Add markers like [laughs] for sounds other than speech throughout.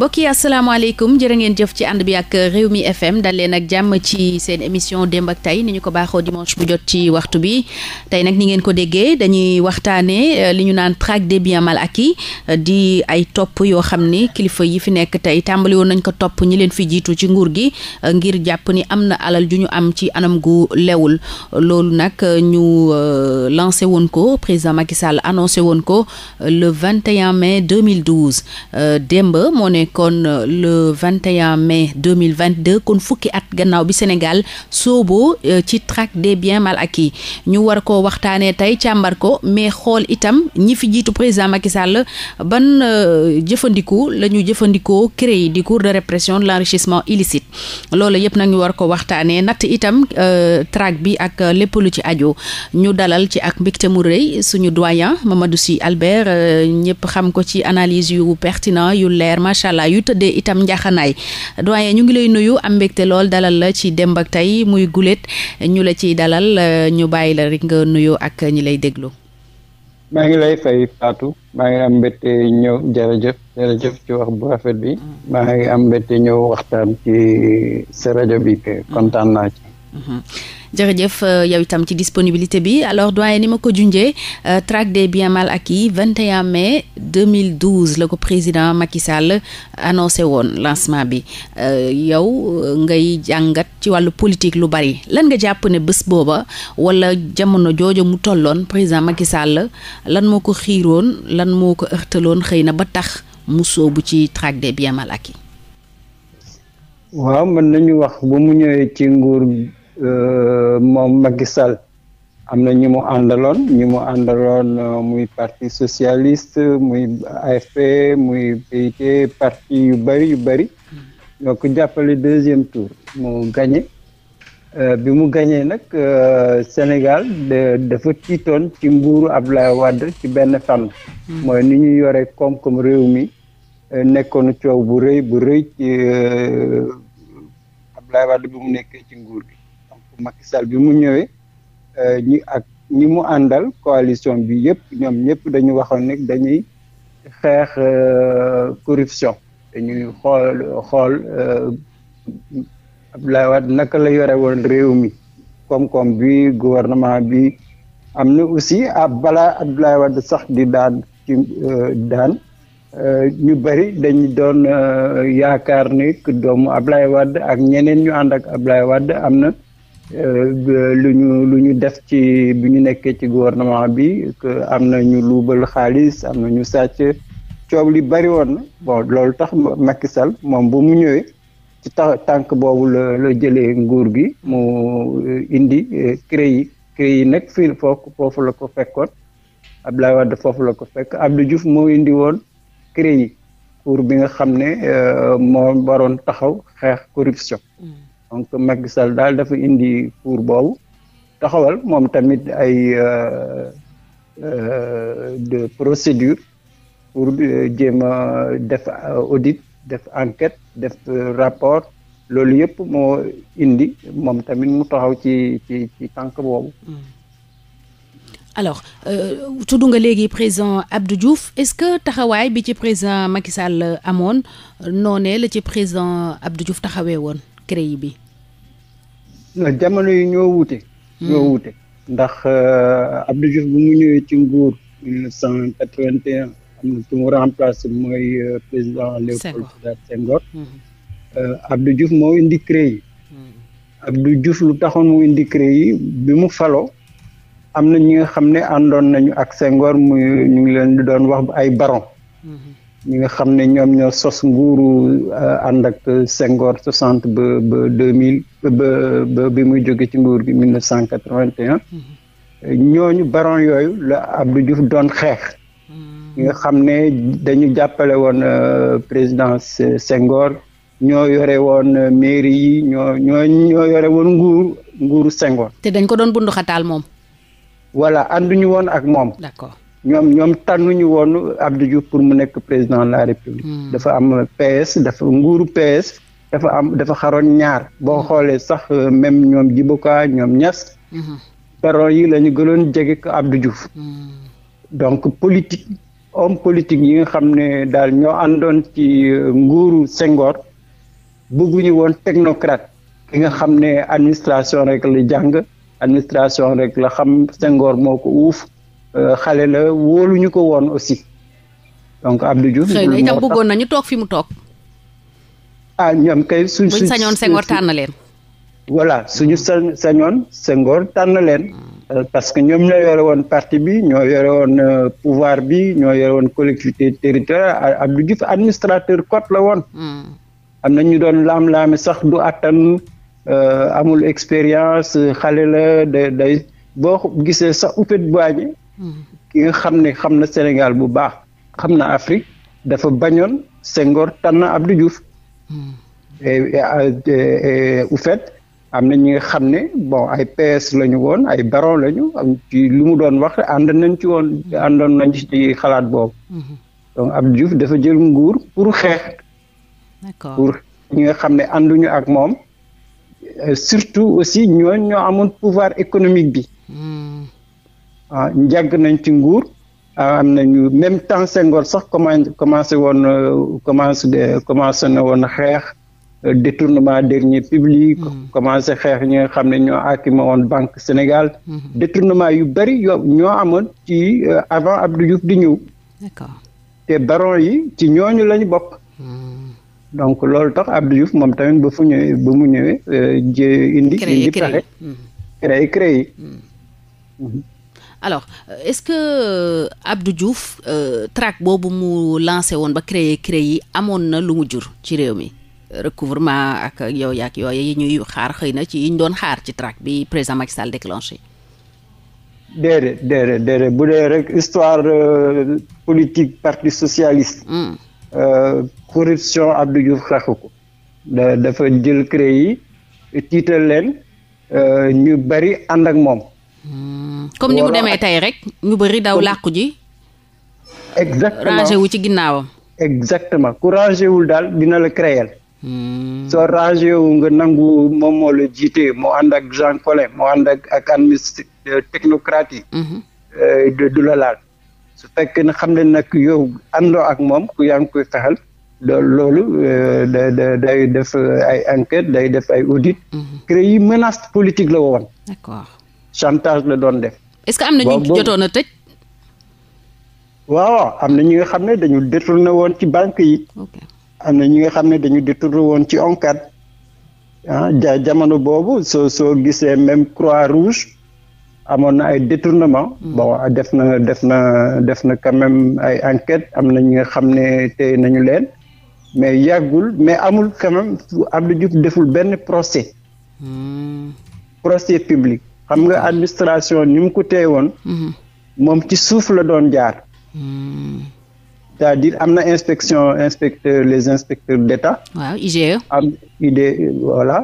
mbokk yi asalaamaaleykum jërë ngeen jëf ci ànd bi ak mi FM dal leen ak jàmm ci seen émission démb ak tey ni ñu ko baaxoo dimanche bu jot ci waxtu bi tey nag ni ngeen ko déggee dañuy waxtaanee euh, li ñu naan traque des biens mal acquis euh, di ay topp yoo xam ni kilifa yi fi nekk tey tàmbali woon nañ ko topp ñi leen fi jiitu ci nguur gi euh, ngir jàpp ni am na alal ju ñu am ci anam gu lewul loolu nag ñu lancé woon ko président Macky Sall annoncé woon ko le 21 mai 2012 démb moo nekk nekkoon euh, le 21 mai 2022 kon fukki at gannaaw bi Sénégal soobo euh, ci traque des biens mal ak acquis ñu war ko waxtaanee tey càmbar ko mais xool itam ñi fi jiitu président Macky Sall ban euh, jëfandiku la ñu jëfandikoo CREI di cour de répression de l'enrichissement illicite loolu yëpp nag ñu war ko waxtaanee natt itam traque bi ak lépp lu ci ajo ñu dalal ci ak mbégte mu rëy suñu doyen Mamadou Sy Albert ñëpp xam ko ci analyse yu pertinent yu leer machalla allah yu tëddee itam njaxanaay doyen ñu ngi lay nuyu am mbégte lool dalal la ci Demb ak Tay muy guléet ñu la ciy dalal ñu bàyyi la rek nga nuyoo ak ñi lay déglu. maa ngi lay fay Fatou maa ngi am mbégte ñëw jërëjëf jërëjëf ci wax bu rafet bi mm. maa ngi am mbégte ñëw waxtaan ci sa rajo bi kontaan naa ci. Mhm. jërëjëf euh, yow itam ci disponibilité bi alors doyen ni ma ko junjee euh, traque des biens mal acquis 21 mai 2012 la ko président Macky Sall annoncé woon lancement bi euh, yow ngay jàngat ci wàllu politique lu bari lan nga jàpp ne bés booba wala jamono joojo mu tolloon président Macky Sall lan moo ko xiiroon lan moo ko ërtaloon xëy na ba tax mu soobu ci traque des biens mal acquis. waaw mën nañu wax ba mu ñëwee ci nguur. Euh, moom Macky sal am na ñi mu àndaloon ñi mu àndaloon euh, muy parti socialiste muy AFP muy PIT parti yu bari yu bëri donc jàppale deuxième tour mu gagné euh, bi mu gañee nag Sénégal dafa tiitoon ci nguuru Abdoulaye wàdd ci benn fànn hmm. mooy ni ñu yore koom-koom réew mi nekkoon coow bu rëy bu rëy ci Abdoulaye Wade bi mu nekkee ci nguur gi Macky bi mu ñëwee euh, ñi ak ñi mu àndal coalition bi yëpp ñoom ñëpp dañu waxoon ne dañuy xeex euh, corruption dañuy xool xool euh, Abdoulaye Wade naka la yore woon réew mi koom-koom bi gouvernement bi am na aussi ah balaa Abdoulaye Wade sax di daan ci daan ñu bëri dañu doon yaakaar ne doomu Abdoulaye Wade ak ñeneen ñu ànd ak Abdoulaye Wade am na Euh, lu ñu lu ñu def ci bi ñu nekkee ci gouvernement bi que am na ñu luubal xaalis am na ñu sàcc coow li bari woon na bon loolu tax Macky Sall moom bu mu ñëwee ci ta tànk boobu la la jëlee nguur gi mu euh, indi euh, CREI yi CREI yi nag fii foofu la ko fekkoon Abdoulaye Wade foofu la ko fekk Abdou Diouf moo indi woon CREI yi bi nga xam ne moo waroon taxaw xeex corruption. Mm. donc Macky Sall daal dafa indi pour boobu taxawal moom tamit ay euh, euh, de procédure pour euh, jéem a def audit def enquête def rapport loolu yëpp moo indi moom tamit mu taxaw ci ci ci tànk boobu. Hmm. alors tudd nga léegi président Abdou Diouf est-ce que taxawaay bi ci président Macky Sall amoon noonee la ci président Abdou Diouf taxawee woon. CREI bi. jamono yi ñoo wuute. Hmm. ñoo wuute ndax euh, Abdou Diouf bu mu ñëwee ci nguur 1981 mu remplacé mooy euh, président Léopold Sédar Senghor. Hmm. Euh, Abdou Diouf moo indi CREI. Hmm. Abdou Diouf lu taxoon mu indi yi bi mu falo am na ñi nga xam ne àndoon nañu ak Senghor muy ñu ngi leen di doon wax ay baron. ñi nga xam ne ñoom ñoo sos nguuru euh, ànd ak Senghor 60 ba ba 2000 ba ba bi muy jóge ci nguur gi 1981 ñooñu baron yooyu la Abdou juf doon xeex hmm. ñi nga xam ne dañu jàppale woon euh, président Senghor ñoo yore woon euh, mairie yi ñoo ñoo yore woon nguur nguuru Senghor. te dañ ko doon bunduxataal moom. voilà ànduñu woon ak moom. d'accord. ñoom ñoom tànnuñu woon Abdou Diouf pour mu nekk président de la République. Hmm. dafa am PS dafa nguuru PS. dafa am dafa xaroon ñaar boo hmm. xoolee sax euh, même ñoom jiboka ñoom Niass. Hmm. peron yi la ñu gënoon jege ko Abdou Diouf. donc politique homme politique yi nga xam ne daal ñoo àndoon ci euh, nguuru Senghor. bëgguñu woon technocrate. ki nga xam ne administration rek la jàng administration rek la xam Senghor moo ko uuf. Euh, xale la wóoluñu ko woon aussi donc Abdou Diouf. xëy na itam nañu toog fi mu toog. ah ñoom kay suñ suñ sañoon Senghor tànn leen. voilà suñu sañoon Senghor tànn leen. parce que ñoom ñoo yore woon partie bi ñoo yore woon euh, pouvoir bi ñoo yore woon collectivité territoriale Abdou Diouf administrateur cote la woon. Hmm. am na ñu doon laam-laame sax du attan euh, amul expérience xale la day boo gisee sax Houphouët-Boigny ki nga xam ne xam na Sénégal bu baax xam na Afrique dafa bañoon Senghor tan Abdou Diouf au fait am na ñi nga xam ne bon ay PS la woon ay baron lañu ñu lu mu doon wax ànd nañ ci woon àndoon nañ ci xalaat boobu donc Abdou Diouf dafa jël nguur pour xeex pour ñi nga xam ne ànduñu ak moom euh, surtout aussi ñooñ ñoo amoon pouvoir économique bi hmm. ah njàgg nañ ci nguur ah, am nañu même temps Senghor sax commencé woon euh, commencé commencé na woon xeex euh, détournement deniers publics hmm. commencé xeex ñi nga xam ne ñoo àkkima woon Banque Sénégal hmm. détournement yu bëri yo ñoo amoon ci euh, avant Abdou Diouf di ñëw te baron yi ci ñooñu lañu bokk hmm. donc loolu tax Abdou Diouf moom tamit ba fu ñëwee ba mu ñëwee jë indi indi pexe créé créé alors euh, est-ce que euh, Abdou Diouf euh, traque boobu mu lancé woon ba créer CREI yi amoon na lumu jur ci réew mi recouvrement ak yow yaak yooyu yi ñuy xaar xëy na ci yi ñu doon xaar ci traque bi président Macky Sall déclenché. déedéet déedéet déedéet bu dee rek histoire politique parti socialiste. Hmm. corruption Abdou Diouf xaxu ko. dafa jël CREI yi tiital leen ñu bari ànd ak moom. comme ni mu demee tey rek ñu bëri daw làqu ji exactement ci ginnaawam exactement ku rangé wul daal dina la créel hmm. soo rangé nga nangu moom moo la jiite moo ànd ak Jean Collin moo ànd ak ak administ euh, technocrate yi mhm. euh, du la laal su fekkee xam ne nag yow àndoo ak moom ku yaa ngi fexel loolu euh, da da day def ay enquête day def ay audit mhm. créer yi menace politique la woon chantage la doon def. est-ce que am na ñu jotoon waaw am na ñi nga xam ne dañu détourné woon ci banque yi. am na ñi nga xam ne dañu détourné woon ci ONCAD ah jamono boobu soo soo gisee même croix rouge amoon na ay détournement hmm. bon def na def na def na quand ay enquête am na ñi nga xam ne te nañu leen mais yàggul mais amul quand même Abdou Diouf deful benn procès. Hmm. procès public. xam nga administration ni mu ko woon mhm. moom ci suuf la doon jaar. Hmm. c'est-à-dire am na inspection inspecteur les inspecteurs d'État. waaw IGE. am idée voilà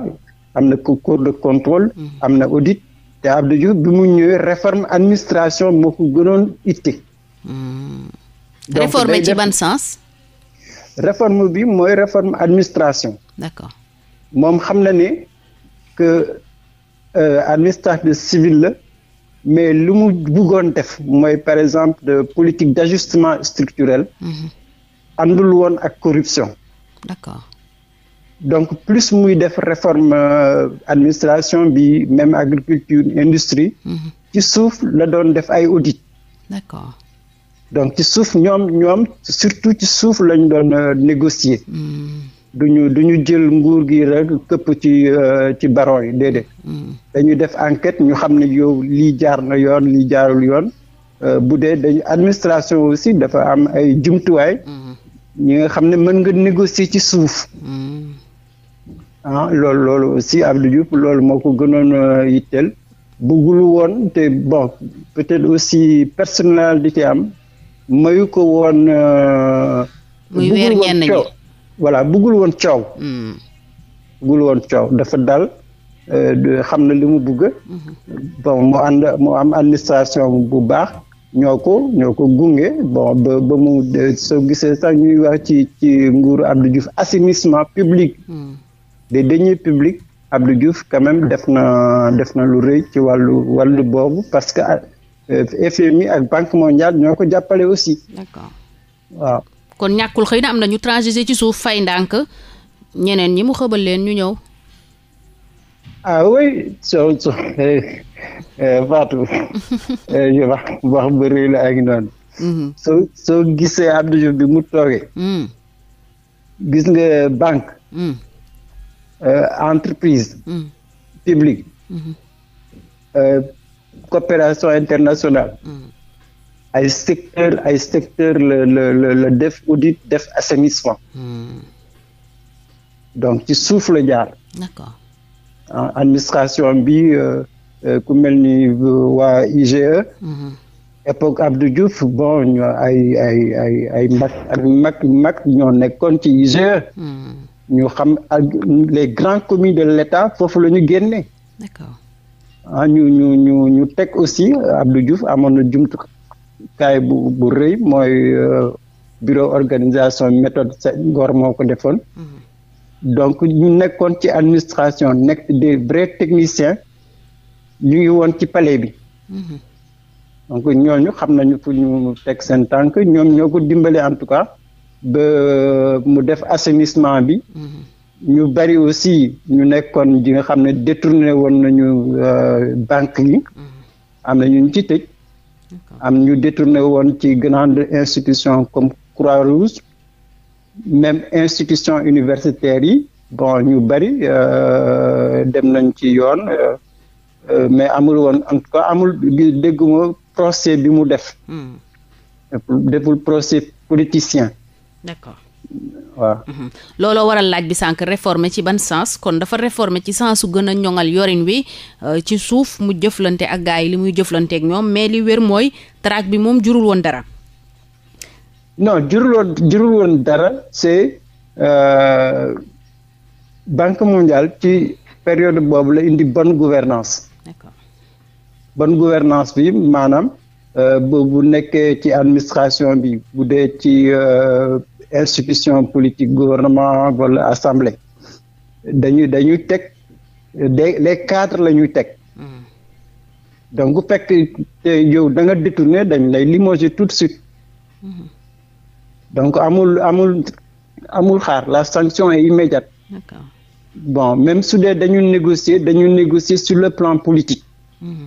am na cours de contrôle. Mhm. am na audit. te Abdou bi mu ñëwee réforme administration moo ko gënoon itte. Hmm. donc réforme bi mooy réforme administration. moom xam na ne que Euh, administratif civil la mais lu mu buggoon def mooy par exemple de politique d'ajustement structurel. Mhm. àndul woon ak corruption. d'accord. donc plus muy def réforme euh, administration bi même agriculture industrie. Mhm. ci suuf la doon def ay audit. d'accord. donc ci suuf ñoom ñoom surtout ci suuf lañ doon euh, négocier. Mhm. duñu du ñu jël nguur gi rek këpp ci euh, ci baron yi déedéet. Hmm. dañuy def enquête ñu xam ne yow lii jaar na yoon lii jaarul yoon euh, bu dee dañu administration aussi dafa am ay jumtuwaay. Hmm. ñi nga xam ne mën nga négocier ci suuf. Hmm. ah loolu loolu aussi Abdou Diouf loolu moo ko gënoon euh, yitteel bëggul woon te bon peut-être aussi ci am mayu ko woon. muy weer voilà buggul woon coow. Hmm. buggul woon coow dafa dal euh, xam na li mu bugg. mu ànd mu am administration bu baax. ñoo ko ñoo ko gunge bon ba mu soo gisee sax ñuy wax ci ci nguuru Abdou Diouf assainissement public. Hmm. des deniers publics Abdou Diouf quand def na def na lu rëy ci wàllu wàllu boobu parce que euh, FMI ak Banque mondiale ñoo ko jàppale aussi. d'accord waaw. kon ñàkkul xëy na am na ñu transiger ci suuf fay ndànk ñeneen ñi mu xëbal leen ñu ñëw. ah oui soo soo Fatou wax wax gisee Abdou mu toogee. Mhm. gis nga banque. Mhm. Eh, entreprise. Mhm. publique. Eh, coopération internationale. ay secteur ay secteur la def audit def assainissement hmm. donc ci suuf la jaar ah, administration bi euh, euh, ku mel ni euh, waa IGE hmm. époque Abdou Diouf bon ay ay ay ay mag ak mag ñoo nekkoon ci IGE hmm. xam ak les grands commis de l'État foofu la ñu génne ah ñu ñu ñu ñu teg aussi Abdou Diouf amoon na jumtukaay kaay bu bu rëy mooy euh, bureau organisation méthode sa ngor moo ko defoon mm-hmm. donc ñu nekkoon ci administration nekk des vrais technicien ñu ngi woon ci palais bi mm-hmm. donc ñooñu xam nañu fu ñu teg seen tànk ñoom ñoo ko dimbale en tout cas ba euh, mu def assainissement bi mm-hmm. ñu bari aussi ñu nekkoon ji nga xam ne détourné woon nañu euh, banque yi am na ñu ci tëj am ñu détourné woon ci grande institution comme Croix-Rouge même institution universitaire yi bon ñu bëri euh, dem nañ ci yoon euh, euh, mais amul woon en tout cas amul dégguma procès bi mu def hmm. deful procès politicien waaw. Mhm. looloo waral laaj bi sànq réformer ci ban sens kon dafa réformer ci sens su gën a ñoŋal yorin wi euh, ci suuf mu jëflante ak gars yi li muy jëflanteeg ñoom mais li wér mooy traque bi moom jurul woon dara. non jurul woon woon dara c'est euh, banque mondiale ci période boobu la indi bonne gouvernance d'accord bonne gouvernance bi maanaam euh, bu nekkee ci administration bi bu dee ci. Euh, institution politique gouvernement wala assemblée dañu dañuy teg des les cadres la ñuy teg hmm. donc bu fekkee yow da dañ lay limoger tout de suite hmm. donc amul amul amul xaar la sanction est immédiate bon même su dañuy dañu négocier dañu négocier sur le plan politique hmm.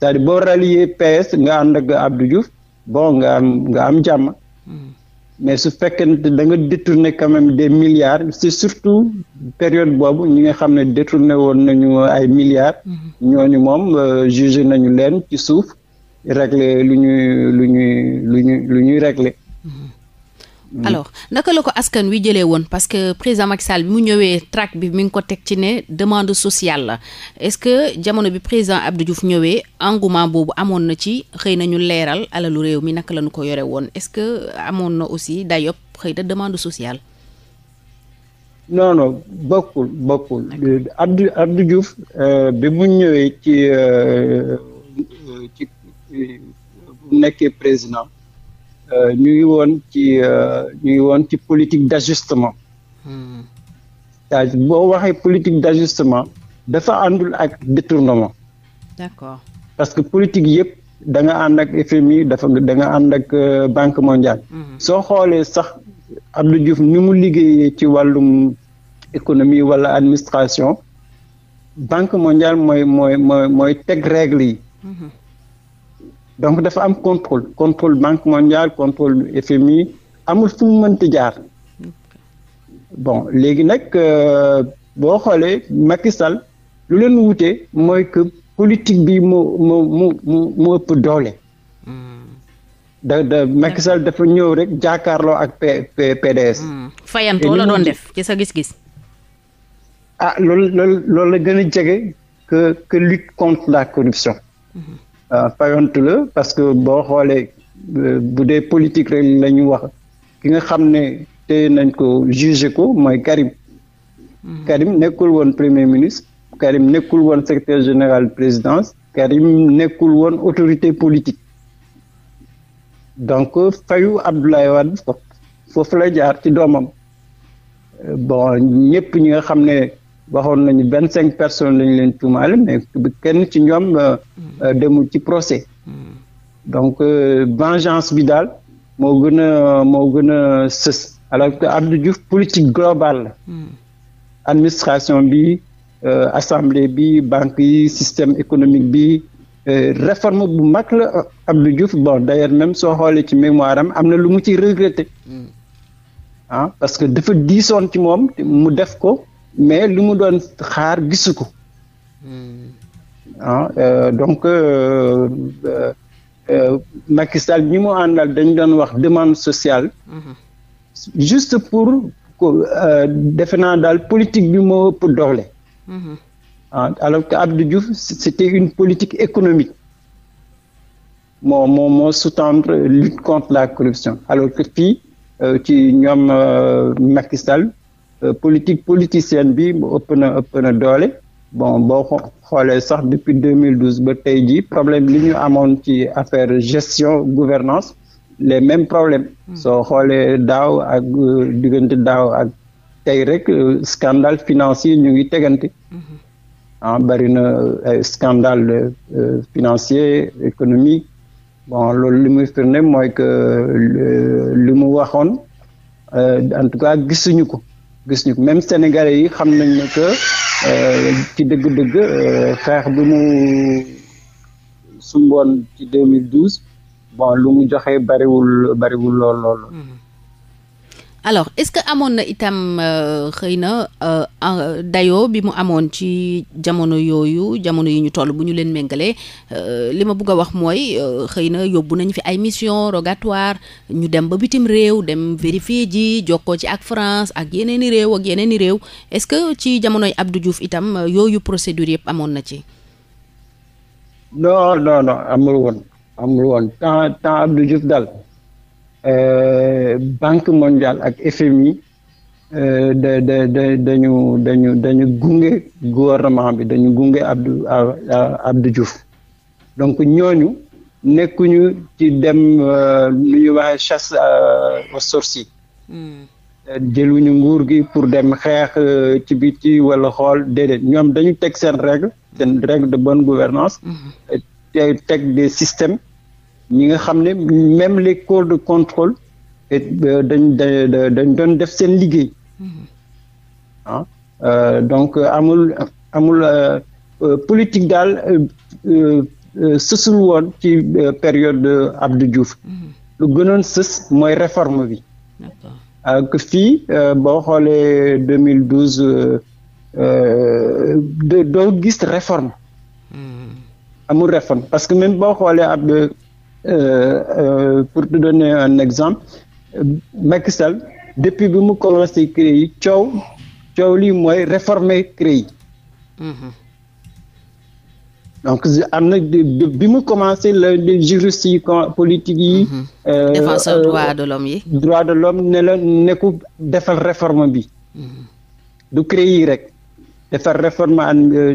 c'est-à-dire boo rallier PS nga ànd ak Abdou bon nga am nga am jàmm mais su fekkente da nga détourné quand même des milliards c'est surtout période boobu ñi nga xam ne détourné woon nañu ay milliards mm-hmm. ñooñu moom euh, jugé nañu leen ci suuf régler lu ñuy lu ñuy lu ñuy lu ñuy régler Mm. alors naka la ko askan wi jëlee woon parce que président Macky Sall bi mu ñëwee track bi mi ngi ko teg ci ne demande sociale la est-ce que jamono bi président Abdou Diouf ñëwee engouement boobu amoon na ci xëy na ñu leeral alalu réew mi naka la ko yore woon est-ce que amoon na aussi dayop xëy na demande sociale. non non bokkul bokkul Abdou Abdou Diouf euh, bi mu ñëwee ci euh, ci euh, bu nekkee président. Euh, ñu ngi woon ci euh, ñu ngi woon ci politique d'ajustement hmm. cest à boo waxee politique d'ajustement dafa àndul ak détournement d'accord parce que politique yëpp da nga ànd ak FMI dafa da ànd ak euh, Banque mondiale hmm. soo xoolee sax Abdou Diouf ni mu liggéeyee ci wàllum économie wala administration Banque mondiale mooy mooy teg règle yi hmm. donc dafa am contrôle contrôle banque mondiale contrôle FMI amul fu mu mënti jaar bon léegi nag euh, boo xoolee makisal lu leen wutee mooy que politique bi moo moo mu moo moo ëpp doole. Hmm. da makisal dafa ñëw rek jàkkaarloo ak P PDS. Hmm. fayantoo la doon def ci sa gis-gis. ah loolu loolu loolu la gën a jege que que lutte contre la corruption. Hmm. fayantu euh, la parce que boo xoolee euh, bu dee politique rek la ñu wax ki nga xam ne te nañ ko jugé ko mooy Karim. Hmm. Karim nekkul woon premier ministre. Karim nekkul woon secrétaire général présidence. Karim nekkul woon autorité politique. donc fayu Abdoulaye Wade foofu la jaar ci doomam euh, bon ñëpp ñi nga xam ne waxoon nañu vingt cinq personnes lañu leen tuumaale mais kenn ci ñoom euh, mm. euh, demul ci procès mm. donc euh, vengeance bi daal moo gën a moo gën a sës alors que Abdou Diouf politique globale la mm. administration bi assemblée bi banque yi système économique bi réforme bu mag la Abdou Diouf bon d'ailleurs même soo xoolee ci mémoire am na lu mu ci regretté ah parce que dafa diisoon ci moom mu def ko mais li mu doon xaar gisu ko ah euh, donc euh, euh, Macky Sall ñi mu àndal dañ doon wax demande sociale juste pour defe naa daal politique bi moo ëpp doole ah alors que Abdou Diouf c'était une politique économique moo moo moo tendre lutte contre la corruption alors que fii ci ñoom Macky Euh, politique politicienne bi ëpp na ëpp na doole bon boo xoolee sax depuis 2012 ba tey jii problème li ñu amoon ci affaire gestion gouvernance les mêmes problèmes hmm. soo xoolee daaw ak euh, diggante daaw ak tey rek euh, scandale financier ñu ngi tegante hmm. ah na scandale financier économique bon loolu li muy firnde mooy que li mu waxoon en tout cas gisuñu ko gis ñu même sénégalais yi xam nañ ne que euh, ci dëgg-dëgg euh, xeex bi mu sumboon ci 2012 bon lu mu joxe bariwul bariwul lool lool. Mm-hmm. alors est-ce que amoon na itam euh, xëy na euh, dayoo bi mu amoon ci jamono yooyu jamono yu ñu toll bu ñu leen méngalee euh, li ma bëgg a wax mooy xëy na yóbbu nañ fi ay mission rogatoire ñu dem ba bitim réew dem vérifier ji jokkoo ci ak France ak yeneen i réew ak yeneen i réew est-ce que ci jamonoy Abdou Diouf itam yooyu procédure yëpp amoon na ci. non non non amul woon amul woon temps temps Abdou Diouf Euh, banque mondiale ak FMI euh, da da da dañu dañu gunge gouvernement bi dañu gunge Abdou Abdou Diouf donc ñooñu nekkuñu ci dem euh, lu ñuy waxee chasse aux sorciers hmm. jëluñu nguur gi pour dem xeex ci biti wala xool déedéet ñoom dañu teg seen règle seen règle de bonne gouvernance hmm. teg des systèmes ñi nga xam ne même les corps de contrôle euh, dañ dañ doon def seen liggéey mm-hmm. ah euh, donc euh, amul politique daal sësul woon ci période Abdou Diouf mm-hmm. lu gënoon sës mooy réforme bi ak fii boo xoolee 2012 doo gis réforme mm-hmm. amul réforme parce que même boo xoolee ab Euh, euh, pour te donner un exemple Macky depuis bi mu commencé yi coow coow lii mooy réformer CREI. Mhm. donc am na bi mu commencé la juriste yi politique yi. Mhm. Euh, défenseur droit de l'homme yi. droit de l'homme ne la nekku defal réforme bi. Mhm. du yi rek. defal réforme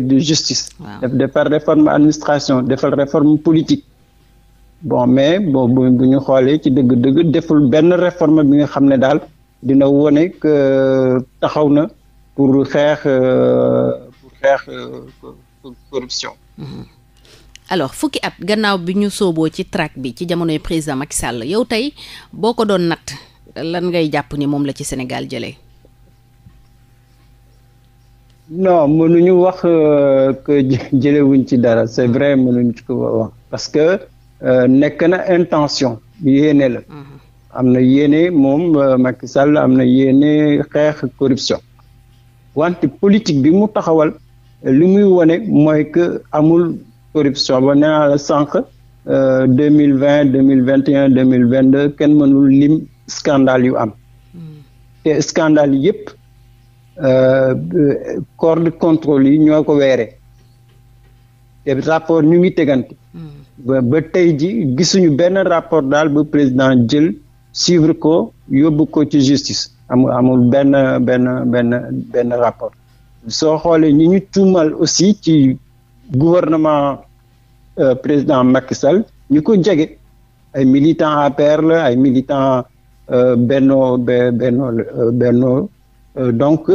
de justice. defal réforme administration defal réforme politique. bon mais bon bu ñu xoolee ci dëgg-dëgg deful benn réforme bi nga xam ne daal dina wone que taxaw na pour xeex euh, xeex euh, corruption. Mm-hmm. alors fukki at gannaaw bi ñu sooboo ci track bi ci jamonoy président Macky sàll yow tey boo ko doon natt lan ngay jàpp ni moom la ci Sénégal jële non mënuñu wax euh, que jëlewuñ ci dara c'est vrai mënuñu ko wax parce que. Euh, nekk na intention yéene la mhm. am na yéene moom euh, Macky Sall am na yéene xeex corruption wante politique bi mu taxawal li muy wone mooy que amul corruption ba nee naa la sànq euh, deux mille vingt deux mille vingt et un deux mille vingt deux kenn mënul lim scandale yu am mhm. te scandale yëpp corps de contrôle yi ñoo ko weere te rapport ñu ngi tegante mhm. ba tey ji gisuñu benn rapport daal ba président jël suivre ko yóbbu ko ci justice amul amul benn benn benn benn rapport soo xoolee ñi ñu tuumal aussi ci gouvernement euh, président Macky Sall ñu ko jege ay militants APR la ay militants euh, Benno Benno euh, euh, donc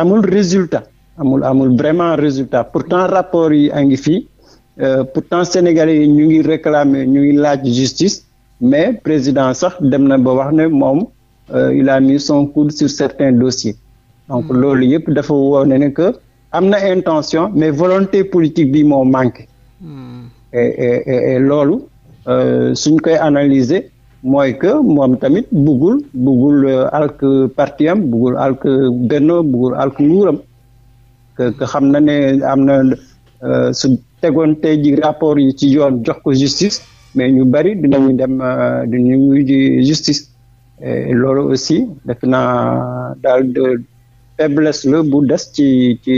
amul résultat amul amul vraiment résultat pourtant rapport yi a ngi fii Euh, pourtant sénégalais yi ñu ngi réclamer ñu ngi laaj justice mais président sax dem na ba wax ne moom euh, il a mis son coude sur certains dossiers donc hmm. loolu yëpp dafa woone ne que am na intention mais volonté politique bi moo manqué hmm. et et loolu euh, suñ koy analyser mooy que moom tamit buggul buggul alk partiam buggul alk benno buggul alk nguuram que xam na ne am na su tegoon tey ji rapport yi ci yoon jox ko justice mais ñu bari dinañu dem euh, dinañu wuyu justice loolu aussi def naa daal la bu des ci ci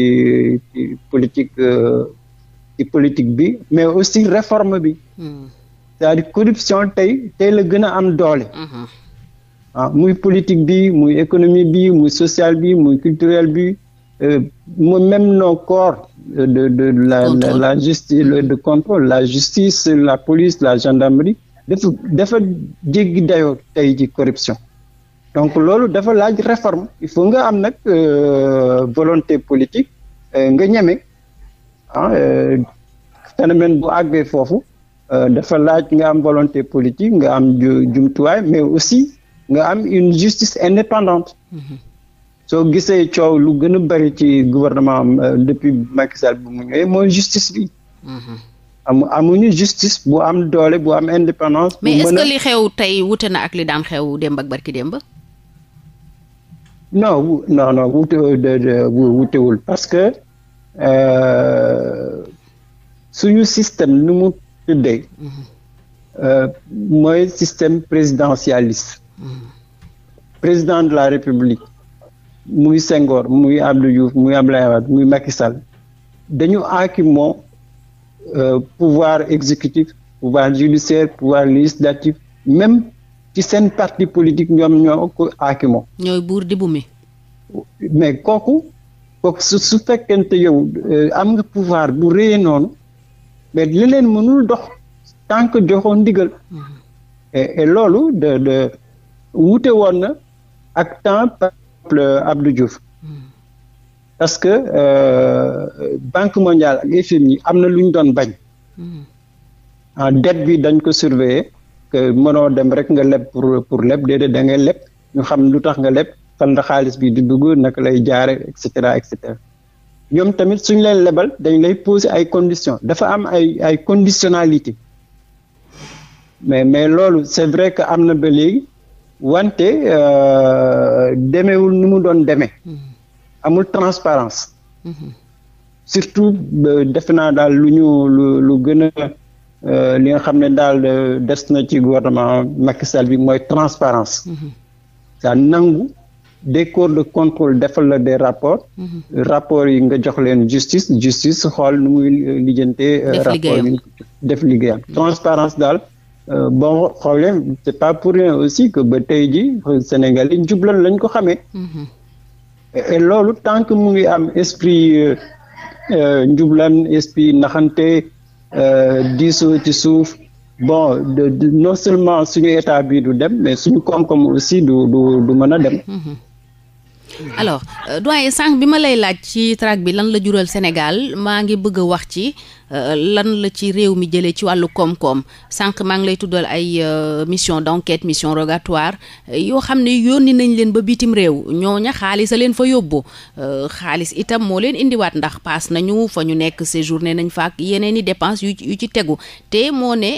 ci politique euh, politique bi mais aussi réforme bi hmm. c'est-à-dire corruption tey tey la gën a am doole hmm. ah, muy politique bi muy économie bi muy social bi muy culturel bi euh, mu même no corps de, de, de la, la, la justice de la justice la police la gendarmerie dafa dafa jéggi dayoo tey ji corruption donc loolu dafa laaj réforme il faut nga am nag euh, volonté politique euh, nga ñeme ah euh, phénomène bu àggee foofu dafa laaj nga am volonté politique nga am jumtuwaay mais aussi nga am une justice indépendante. Mm-hmm. soo gisee coow lu gën a bari ci gouvernement am euh, depuis Macky Sall bu mu ñëwee justice bi. Mhm. amu amuñu justice bu am doole bu am indépendance. bu mais est-ce que xew tey wute na ak li daan xew démb ak barki démb. non euh, wutewul parce que euh, suñu système nu mu tuddee mhm. euh, mooy système présidentialiste. Mm président de la république. muy Senghor muy Abdou Diouf muy Abdoulaye Wade muy Macky Sall dañu aakimoo euh, pouvoir exécutif pouvoir judiciaire pouvoir législatif même ci seen parti politique ñoom ñoo ko aakimoo. ñooy buur di bumi. mais kooku kooku su su fekkente yow euh, am nga pouvoir bu rëy noonu mais leen mënul dox tant que joxoon ndigal. Mm-hmm. loolu de de wute woon na ak temps. exemple euh, Abdou Diouf hmm. parce que euh, Banque mondiale ak FMI am na lu ñu doon bañ hmm. en dette bi dañ ko surveiller que mënoo dem rek nga leb pour pour leb déedéet da ngay leb ñu xam lu tax nga leb fan la xaalis bi di dugg naka lay jaare et cetera et ñoom tamit suñ leen lebal dañ lay poser ay conditions dafa am ay ay conditionnalité mais mais loolu c'est vrai que am na ba léegi wante euh, demewul nu mu doon demee mm-hmm. amul transparence mm-hmm. surtout euh, defe naa daal lu ñu lu lu gën a euh, li nga xam ne daal des na ci gouvernement Macky bi mooy transparence mm-hmm. ça nangu des corps de contrôle defal la des rapports rapports yi nga jox leen justice justice xool nu muy lijjante rapport yi def liggéeyam transparence daal Euh, bon problème c'est pas pour rien aussi que ba tey ji Sénégal jublan lañ ko xamee. Mhm. et loolu tant que mu ngi am esprit euh, euh, njublan esprit naxante diisoo ci suuf. bon de, non seulement suñu état bi du dem mais suñu koom-koom aussi du du mën a dem. Mm -hmm. alors euh, doyen sànq bi ma lay laaj ci track bi lan la jural Sénégal maa ngi bëgg a wax ci euh, lan la ci réew mi jëlee ci wàllu koom-koom sànq maa ngi lay tuddal ay euh, mission d'enquête mission rogatoire yoo xam ne yónni nañ leen ba bitim réew ñooña xaalis a leen fa yóbbu xaalis itam moo leen indiwaat ndax paas nañu fa ñu nekk séjourné nañ fa ak yeneen i dépense yu yu ci tegu te moo ne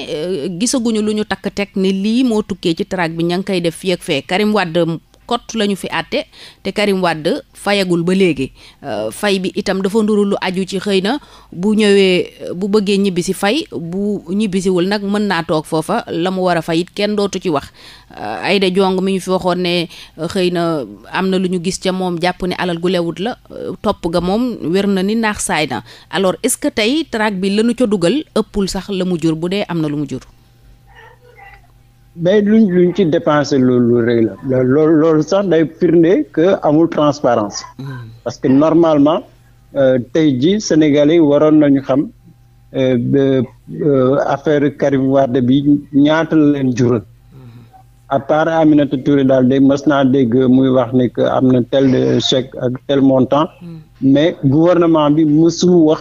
gisaguñu lu ñu takk teg ni lii moo tukkee ci track bi ña ngi koy def fii ak fee Karim Wade kott la ñu fi àtte te Karim Wade fayagul ba léegi euh, fay bi itam dafa nduru lu aju ci xëy na bu ñëwee bu bëggee ñibbisi fay bu ñibbisiwul nag mën naa toog foofa la mu war a fay it kenn dootu ci wax euh, ayda jong mi ñu fi waxoon ne euh, xëy na am na lu ñu gis ca moom jàpp ne alal gu lewut la topp ga moom wér na ni naax saay na alors est-ce que tey traque bi lañu ca dugal ëppul sax la mu jur bu dee am na lu mu jur mais lu luñ ci dépensé loolu lu rëy la loolu loolu sax day firnde que amul transparence mm. parce que normalement euh, tey ji Sénégalais yi waroon nañu xam euh, euh, affaire Karim Wade bi ñaata la leen jural mm-hmm. à part Aminata Touré daal de mas naa dégg muy wax ni que am na tel de chèque ak tel montant mm. mais gouvernement bi mësul wax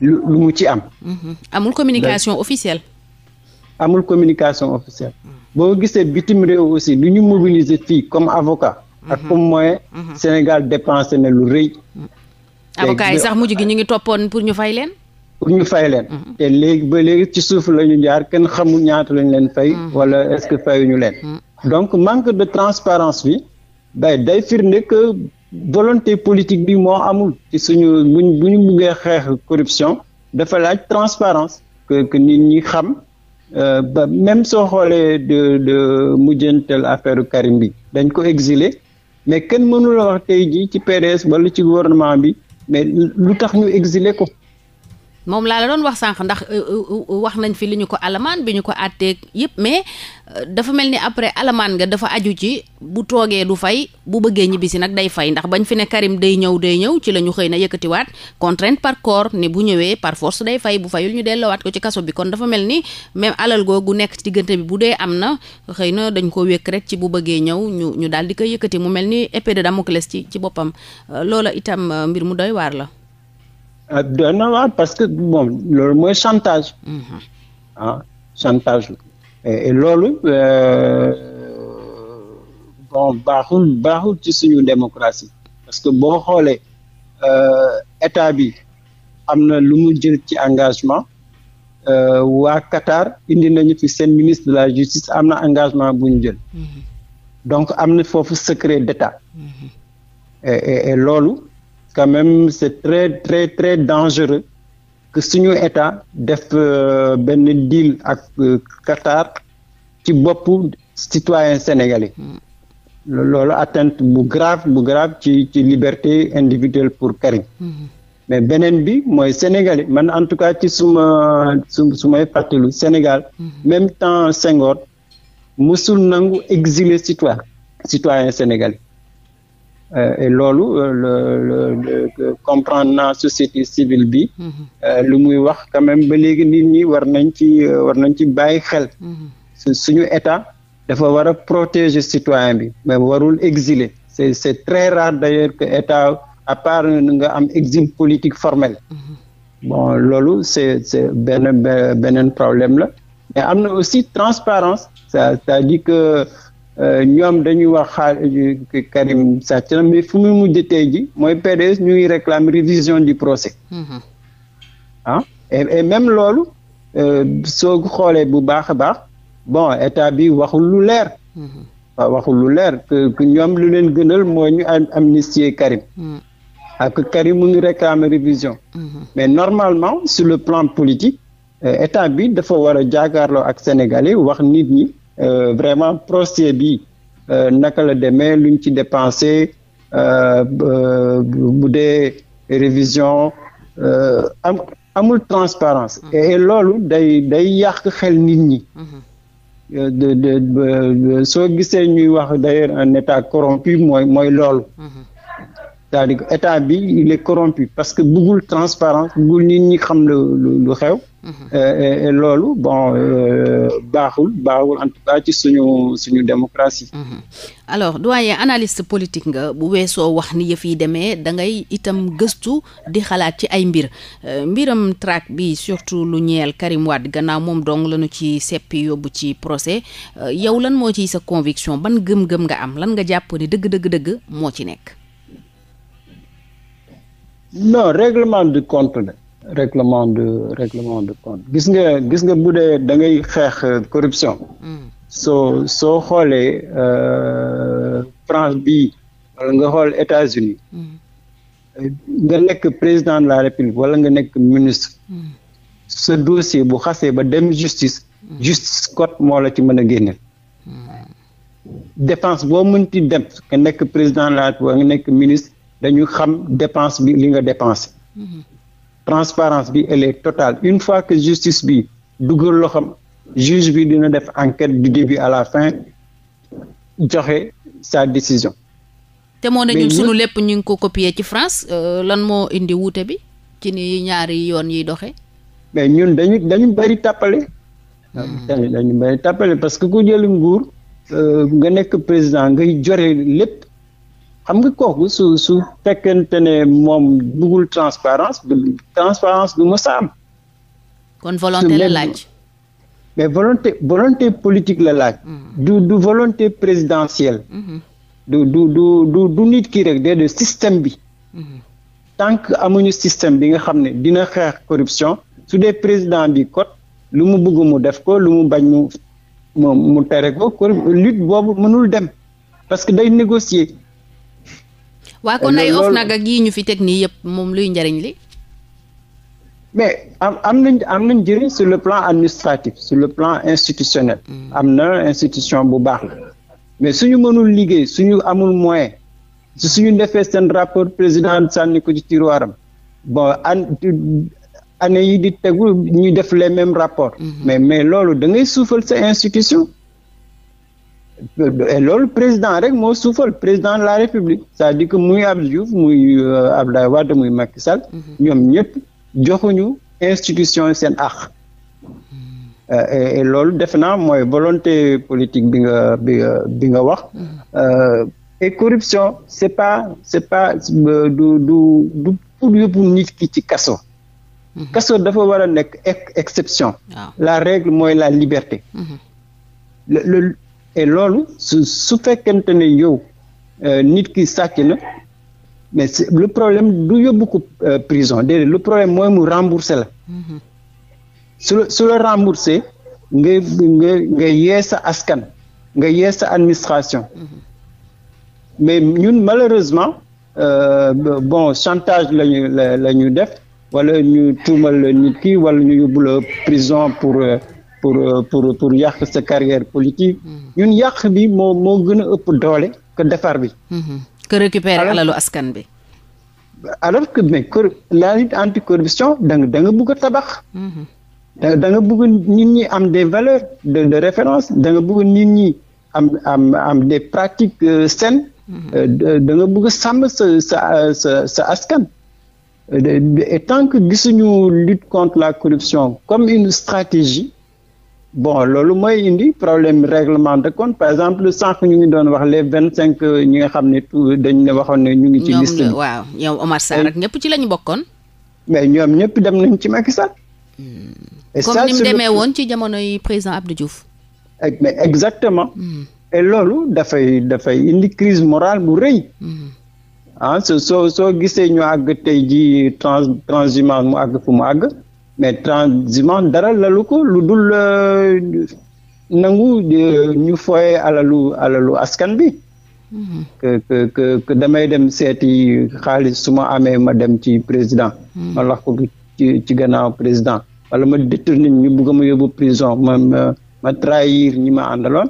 lu mu ci am. Mm-hmm. amul communication officielle. amul communication officielle boo gisee bitim réew aussi lu ñu mobiliser fii comme avocat ak mhm. comme moyen mhm. Sénégal dépensé na lu rëy avocat yi sax mujj gi ñu ngi toppoon pour ñu fay leen pour ñu fay leen mhm. te léegi ba léegi ci suuf la ñu jaar kenn xamul ñaata lañ leen fay wala est-ce que ñu leen donc manque de transparence bi bay day firnde que volonté politique bi moo amul ci suñu buñ bu ñu buggee xeex corruption dafa laaj transparence que nit ñi xam Euh, ba même soo xoolee de de mujjantal affaire Karim bi dañ ko exilé mais kenn mënula wax tey jii ci PDS wala ci gouvernement bi mais lu tax ñu exilé ko moom laa la doon wax sànq ndax euh, euh, euh, wax nañ fi li ñu ko alamaan bi ñu ko àtteeg yëpp mais dafa mel ni après alamaan nga dafa aju ci bu toogee du fay bu bëggee ñibbisi nag day fay ndax bañ fi ne Karim day ñëw day ñëw ci la ñu xëy na yëkkatiwaat contrainte par corps ni bu ñëwee par force day fay bu fayul ñu delloowaat ko ci kaso bi kon dafa mel ni même alal googu nekk diggante bi bu dee am na xëy na dañ ko wékk rek ci bu bëggee ñëw ñu ñu daal di koy yëkkati mu mel ni épée ci ci boppam loola itam mbir mu doy waar la ah doy na waar parce que bon loolu mooy chantage. Mm-hmm. ah chantage et loolu euh, bon baaxul baaxul ci suñu démocratie parce que boo xoolee euh, état bi am na lu mu jël ci engagement euh, waa Qatar indi nañu fi seen ministre de la justice am na engagement buñ ñu jël. Mm-hmm. donc am na foofu secret d'état. Mm-hmm. et loolu. quand même c'est très très très dangereux que suñu état def euh, benn deal ak euh, Qatar ci bopp citoyen sénégalais hmm. loolu atteinte bu grave bu grave ci ci liberté individuelle pour Karim hmm. mais beneen bi mooy sénégalais man en tout cas ci suma su su may fàttelu Sénégal hmm. même temps Senghor musul nangu exiler citoyen citoyen sénégalais Euh, et loolu euh, le le comprendre naa société civile bi. Mm-hmm. Euh, lu muy wax quand même ba léegi nit ñi war nañ ci war nañ ci bàyyi xel. Mm-hmm. suñu état dafa war a protéger citoyen bi mais warul exiler c'est c'est très rare d'ailleurs que état à part nga am exil politique formel. Mm-hmm. bon loolu c'est c'est benn beneen problème la mais am na aussi transparence c'est-à-dire ñoom dañuy wax xaalis Karim sàcc mais fu muy mujj tey ji mooy PDS ñuy réclame révision du procès mm-hmm. ah et même loolu euh, soo xoolee bu baax a baax bon état bi waxul lu leer waaw mm-hmm. waxul lu leer que ñoom lu leen gënal mooy ñu amnistier Karim mm-hmm. ak Karim mu ngi réclame révision mais normalement sur le plan politique euh, état bi dafa war a jaakaarloo ak sénégalais wax nit ñi Euh, vraiment procès bi euh, naka la demee luñ ci dépensé euh, bu dee révision am amul transparence mm. et loolu day day yàq xel nit ñi mm-hmm. de de soo gisee ñuy wax d'ailleurs un état corrompu mooy mooy loolu mm-hmm. état bi il est corrompu parce que bëggul transparence bëggul nit ñi xam lu xew Euh, loolu bon euh, baaxul baaxul en suñu suñu démocratie. Mhm. alors doyen analyste politique nga bu weesoo wax ni yëf yi demee da ngay itam gëstu di xalaat ci ay mbir euh, mbiram traque bi surtout lu ñeel Karim Wade gannaaw moom dong lañu ci seppi yóbbu ci procès yow lan moo ciy sa conviction ban gëm-gëm nga am lan nga jàpp ni dëgg dëgg dëgg moo ci nekk. non règlement du compte la. règlement de règlement de compte gis nga gis nga bu dee da ngay xeex euh, corruption hmm. soo soo xoolee euh, France bii wala nga xool États-Unis hmm. nga nekk président la République wala nga nekk ministre hmm. sa dossier bu xasee ba dem justice justice code moo la ci mën a génne dépense boo mënti dem nga nekk président de la République nga nekk ministre dañu xam dépense bi li nga dépensé transparence bi elle est totale une fois que justice bi duggal loxam juge bi dina def enquête du début à la fin joxe sa décision. te moo ne ñun sunu lépp ñu ngi ko copier ci France euh, lan moo indi wuute bi ci ni ñaari yoon yiy doxe mais ñun dañu dañu bëri tàppale. Hmm. dañu bëri tàppale parce que ku jël nguur euh, nga nekk président ngay jore lépp xam nga kooku su su fekkente ne moom bëggul transparence du transparence du mës a am kon volonté la laaj mais volonté volonté politique la laaj hmm. du du volonté présidentielle hmm. du du du du du nit ki rek de système bi hmm. tant amuñu système bi nga xam ne dina xeex corruption su dee président bi kot lu mu bëgg mu def ko lu mu bañ mu mu tere ko lutte boobu mënul dem parce que day négocier waa kon eh, ay of nag ak yii ñu fi teg nii yëpp moom luy njariñ li mais am am nañ am nañ njëriñ sur le plan administratif su le plan institutionnel hmm. am na institution bu baax la mais suñu mënul liggéey suñu amul moyen su suñu defee seen rapport président sànni ko ci tiroiram bon an année yi di tegul ñu def les mêmes rapport hmm. mais mais loolu da ngay suufal sa institution et loolu président rek moo suufal président de la république c'est-à-dire que muy Abdou Diouf muy euh, Abdoulaye Wade muy Macky Sall ñoom ñëpp joxuñu institution seen àq euh, et loolu defe naa mooy volonté politique bi nga bi euh, nga wax et corruption c'est pas c'est pas du du du pour yóbbu nit ki ci kaso kaso dafa war a nekk exception ah. la règle mooy la liberté mm-hmm. et loolu su su fekkente ne yow euh, nit ki sàcc na mais le problème du yóbbu ko euh, prison déedéet le problème mooy mu rembourser la mhm. su la su nga nga nga yee sa askan nga yee administration mhm. mais ñun malheureusement euh, bon chantage la la ñu def wala ñu tuumal nit ki wala ñu yóbbu la prison pour euh, pour euh, pour pour yàq sa carrière politique. Mm-hmm. ñun yàq bi moo moo gën a ëpp doole que defar bi. Mm-hmm. que récupérer alalu askan bi. alors que mais la lutte anticorruption da nga da nga bëgg a tabax. Mm-hmm. da da nga bëgg nit ñi am des valeurs de de référence da nga bëgg nit ñi am am am des pratiques euh, saines. Euh, da bëgg a sàmm sa sa sa sa askan. et tant que gisuñu lutte contre la corruption comme une stratégie. bon loolu mooy indi problème réglement de kon par exemple sànq ñu ngi doon wax les vingt cinq ñi nga xam ne tout dañ ne waxoon ne ñu ngi ci liste bi waaw ñoom Omar Sarr ak ñëpp ci la ñu bokkoon mais ñoom ñëpp dem nañ ci Macky Sall hmm. comme ni mu demee woon ci jamonoy président Abdou Diouf mais exactement mm. loolu dafay dafay indi crise morale bu rëy hmm. ah soo soo gisee ñu àgg tey ji trans transhumance mu àgg fu mu àgg mais transhumance dara lalu ko lu dul euh, nangu euh, ñu fooye alalu alalu askan bi mm-hmm. que que que damay dem seeti xaalis su ma amee ma dem ci président mm-hmm. ma lax ci ci gannaaw président wala ma détourné ñu bugg ma yóbbu prison ma ma ma ñi ma àndaloon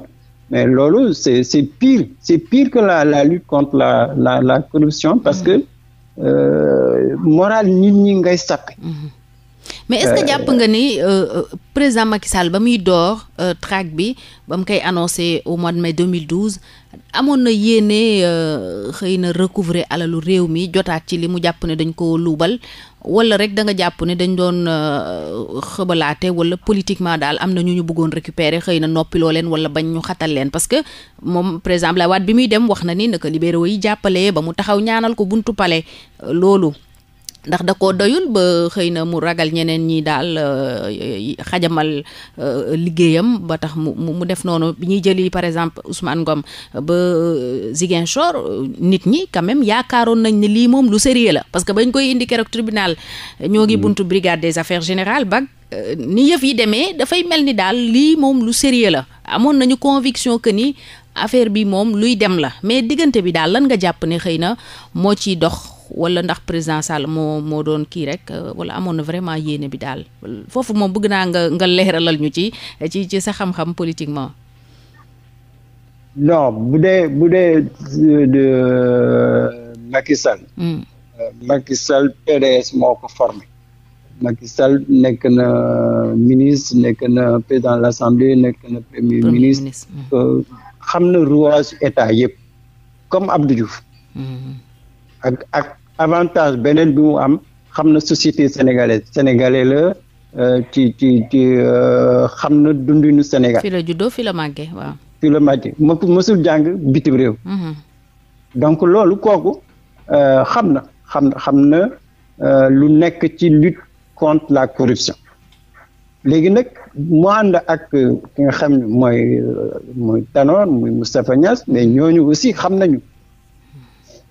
mais loolu c'est c'est pire c'est pire que la la lutte contre la la la corruption parce mm-hmm. que euh, morale nit ñi ngay sàppe mais est euh, jàpp nga ni euh, euh, président Macky Sall ba muy door track bi ba mu koy annoncé au mois de mai 2012 amoon na yéene xëy na recouvrer alalu réew mi jotaat ci li mu jàpp ne dañ ko luubal wala rek da nga jàpp ne dañ doon xëbalaate wala politiquement daal am na ñu ñu bëggoon récupérer xëy na noppiloo leen wala bañ ñu xatal leen parce que moom par exemple Abdoulaye bi muy dem wax na ni naka libéraux yi jàppale ba mu taxaw ñaanal ko buntu pale loolu ndax da koo doyul ba xëy na mu ragal ñeneen ñi daal euh, xajamal euh, liggéeyam ba tax mu mu def noonu bi ñuy jëli par exemple Ousmane Ngom ba euh, Ziguinchor nit ñi quand yaakaaroon nañ ni lii moom lu sérieux la parce que bañ koy indi keroog tribunal ñoo ngi mm. buntu brigade des affaires générales bag ni yëf yi demee dafay mel ni daal lii moom lu sérieux la amoon nañu conviction que ni affaire bi moom luy dem la mais diggante bi daal lan nga jàpp ne xëy na moo ciy dox wala ndax président Sall moo moo doon kii rek euh, wala amoon na vraiment yéene bi daal foofu moom bëgg naa nga nga leeralal ñu ci ci ci sa xam-xam politiquement. non bu dee bu dee euh, de euh, Macky Sall. Hmm. moo ko formé. Macky nekk na ministre nekk na président de l'Assemblée nekk na premier ministre hmm. xam na rouage état yëpp comme Abdou hmm. ak avantage beneen bi am xam na société sénégalaise sénégalais la euh, ci ci ci euh, xam na dundinu Sénégal. fi la juddoo fi la màggee waaw. fi la màggee mësul jàng bitim réew. Mm-hmm. donc loolu kooku euh, xam na xam xam na lu nekk ci lutte contre la corruption. léegi nag mu ànd ak xam ne mooy mooy Tanor muy Moustapha Niass mais ñooñu aussi xam nañu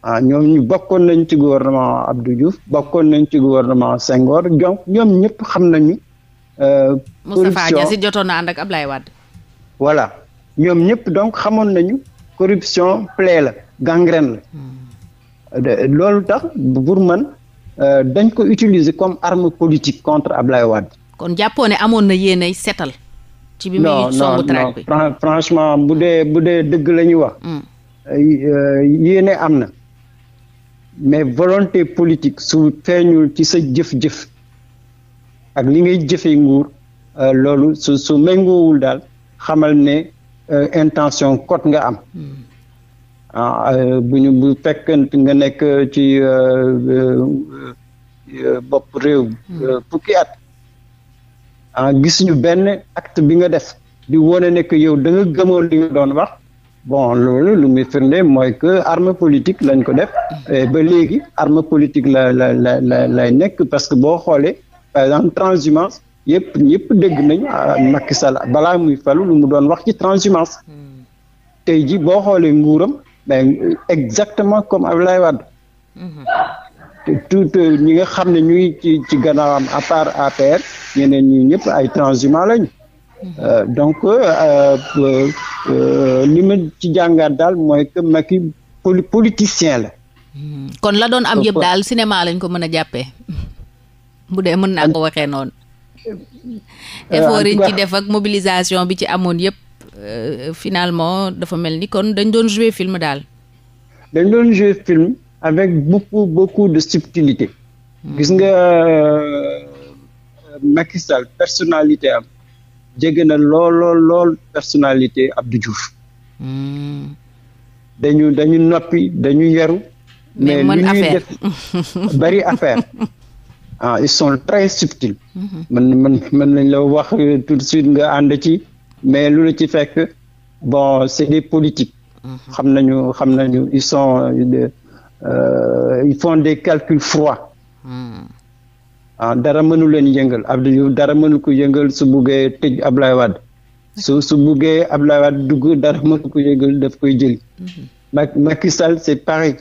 ah ñoom ñu bokkoon nañ ci gouvernement Abdou Diouf bokkoon nañ ci gouvernement sengoor donc ñoom ñëpp xam nañu. Euh, corruption Moustapha Niasse jotoon na ànd ak Ablaye Wade. voilà ñoom ñëpp donc xamoon nañu corruption plaie la gangrène la. Hmm. loolu tax pour man euh, dañ ko utiliser comme arme politique contre ab lay Wade. kon jàppoo ne amoon na yéenay setal. ci bi muy somb traque bi franchement bu dee bu dee dëgg la ñuy wax. Hmm. Euh, yéene am na. mais volonté politique su feeñul ci sa jëf-jëf ak li ngay jëfee nguur euh, loolu su su méngoowul daal xamal ne euh, intention kot nga am hmm. ah, euh, bu ñu bu fekkant nga nekk ci bopp réew hmm. fukki at ah gis ñu benn acte bi nga def di wone nekk yow danga nga li nga doon wax bon loolu lu muy firnde mooy que arme politique lañ ko def ba léegi arme politique la la lay nekk parce que boo xoolee par exemple transhumance yëpp ñëpp dégg nañu a ah, Sall balaa muy falu lu mu doon wax ci transhumance hmm. tey ji boo xoolee nguuram mais exactement comme Abdoulaye Wade hmm. tout ñi nga xam ne ñuy ci ci gannaawam à part APR ñeneen ñi ñëpp ay transhumants lañu Mhm. Euh, donc euh, euh, li ma ci jàngaat daal mooy que Macky poli politicien la. Mhm. kon la doon am yëpp daal cinéma lañ ko mën a jàppee. [laughs] bu dee mën naa ko waxee noonu. effort yi ci def ak mobilisation bi ci amoon yëpp. finalement dafa mel ni kon dañ doon jouer film daal. dañ doon jouer film avec beaucoup beaucoup de subtilité. Mhm. gis nga Macky Sall personnalité am. jege na lool lool lool personnalité Abdou hmm. dañu dañu noppi dañu yaru mais li ñuy def [laughs] bari affaire ah ils sont très subtils. Mhm. man man la wax euh, tout de suite nga ànd ci mais lu la ci fekk bon c'est des politique mhm. xam nañu xam nañu ils sont euh, ils font des calculs froids. Hmm. ah dara mënu leen yëngal Abdou Diouf dara mënu ko yëngal su buggee tëj Ablaye Wade su su buggee Ablaye Wade dugg dara mënu ko yëngal daf koy jëli mhm. Macky Sall c'est pareil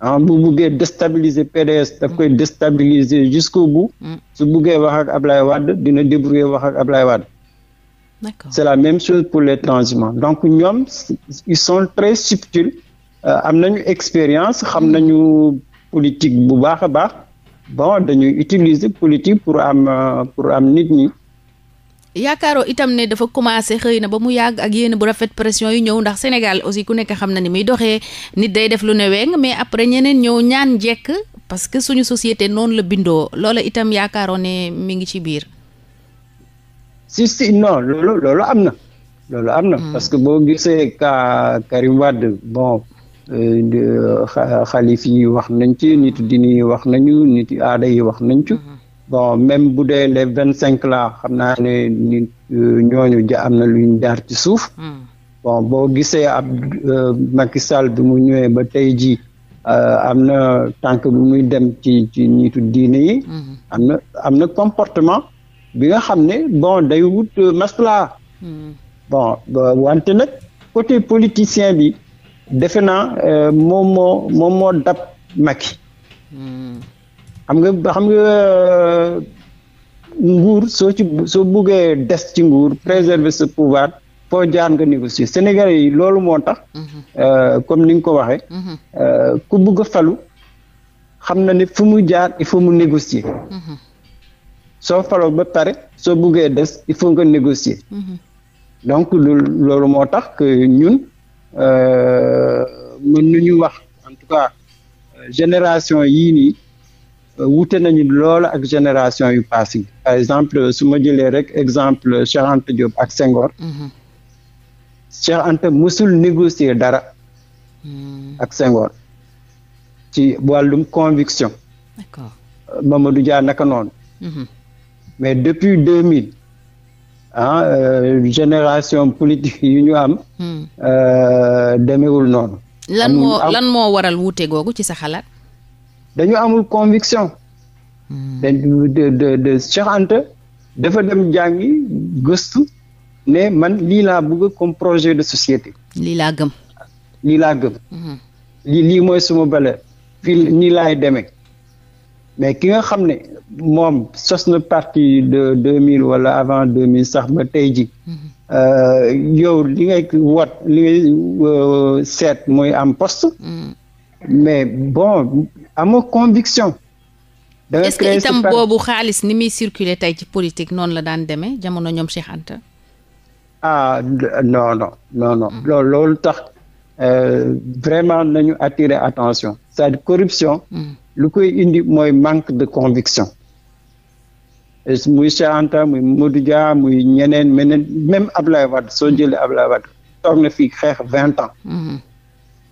ah bu buggee déstabiliser PDS daf koy mhm. déstabiliser jusqu'au bout mhm. su buggee wax ak Ablaye Wade dina débrouiller wax ak Ablaye Wade c'est la même chose pour les transhumants donc ñoom ils sont très subtils euh, am nañu expérience xam nañu politique bu baax a baax bon dañuy utiliser politique pour am euh, pour am nit ñi. yaakaaroo itam ne dafa commencé xëy na ba mu yàgg ak yéen bu rafet pression yu ñëw ndax Sénégal aussi ku nekk xam na ni muy doxee nit day def lu ne weng mais après ñeneen ñëw ñaan njekk parce que suñu société noonu la bindoo loola itam yaakaaroo ne mi ngi ci biir. si si non loolu loolu am na. loolu am na hmm. parce que boo gisee ka Karim Wade bon. Euh, euh, xalif yi wax nañ ci nit dini yi wax nañu nit aada yi wax nañ ci mm-hmm. bon même bu dee les vingt cinq la xam naa ne euh, ñooñu ja am na luñ daar ci suuf mm-hmm. bon boo gisee ab Macky Sall bi mu ñëwee ba tey jii am na tànk bu muy dem ci ci nitu diine yi mm-hmm. am na am na comportement bi nga xam ne bo day wut masla bon wante nag côté politicien bi defe naa euh, moom moo moom moo dab Macky hmm. xam nga xam nga euh, nguur soo ci soo buggee des ci nguur préserver ce pouvoir foo jaar nga négocier Sénégal yi loolu moo tax hmm. euh, comme ni nga ko waxee hmm. ku bugg falu xam na ni fu mu jaar il faut mu négocier soo faloo ba pare soo buggee des il faut nga négocier donc loolu moo tax que ñun Euh, mën nañu wax en tout cas euh, génération yii nii euh, wuute nañu lool ak génération yu passées par exemple su ma jëlee rek exemple Cheikh Anta ak Senghor. Mhm. Cheikh Anta musul négocier dara. Hmm. ak Senghor. ci wàllum conviction. d'accord Mamadou Dia naka noonu. Mhm. mais depuis ah euh, génération politique yu ñu am. Hmm. Euh, demewul noonu. lan moo waral wuute googu ci sa xalaat. dañu amul conviction. Hmm. dañ de de de dafa dem jàngi gëstu ne man lii laa bëgg comme projet de société. lii laa gëm. lii laa gëm. Hmm. lii mooy suma bale fi nii laay demee. mais ki nga xam ne moom sos na parti de deux mille wala avant deux mille sax ba tey ji mhm. yow li ngay wot li ngay euh, seet mooy am poste mhm. mais bon amoo conviction da nga est-ce que itam boobu xaalis ni muy circuler tey ci politique noonu la daan demee jamono ñoom Cheikh Anta ah non non non mhm. loolu loolu tax euh, vraiment nañu attirer attention cest à corruption lu koy indi mooy manque de conviction muy Cheikh Anta muy Modou Dia muy ñeneen meneen même Ablaye Wade soo jëlee Ablaye Wade toog na fii xeex vingt ans mm-hmm.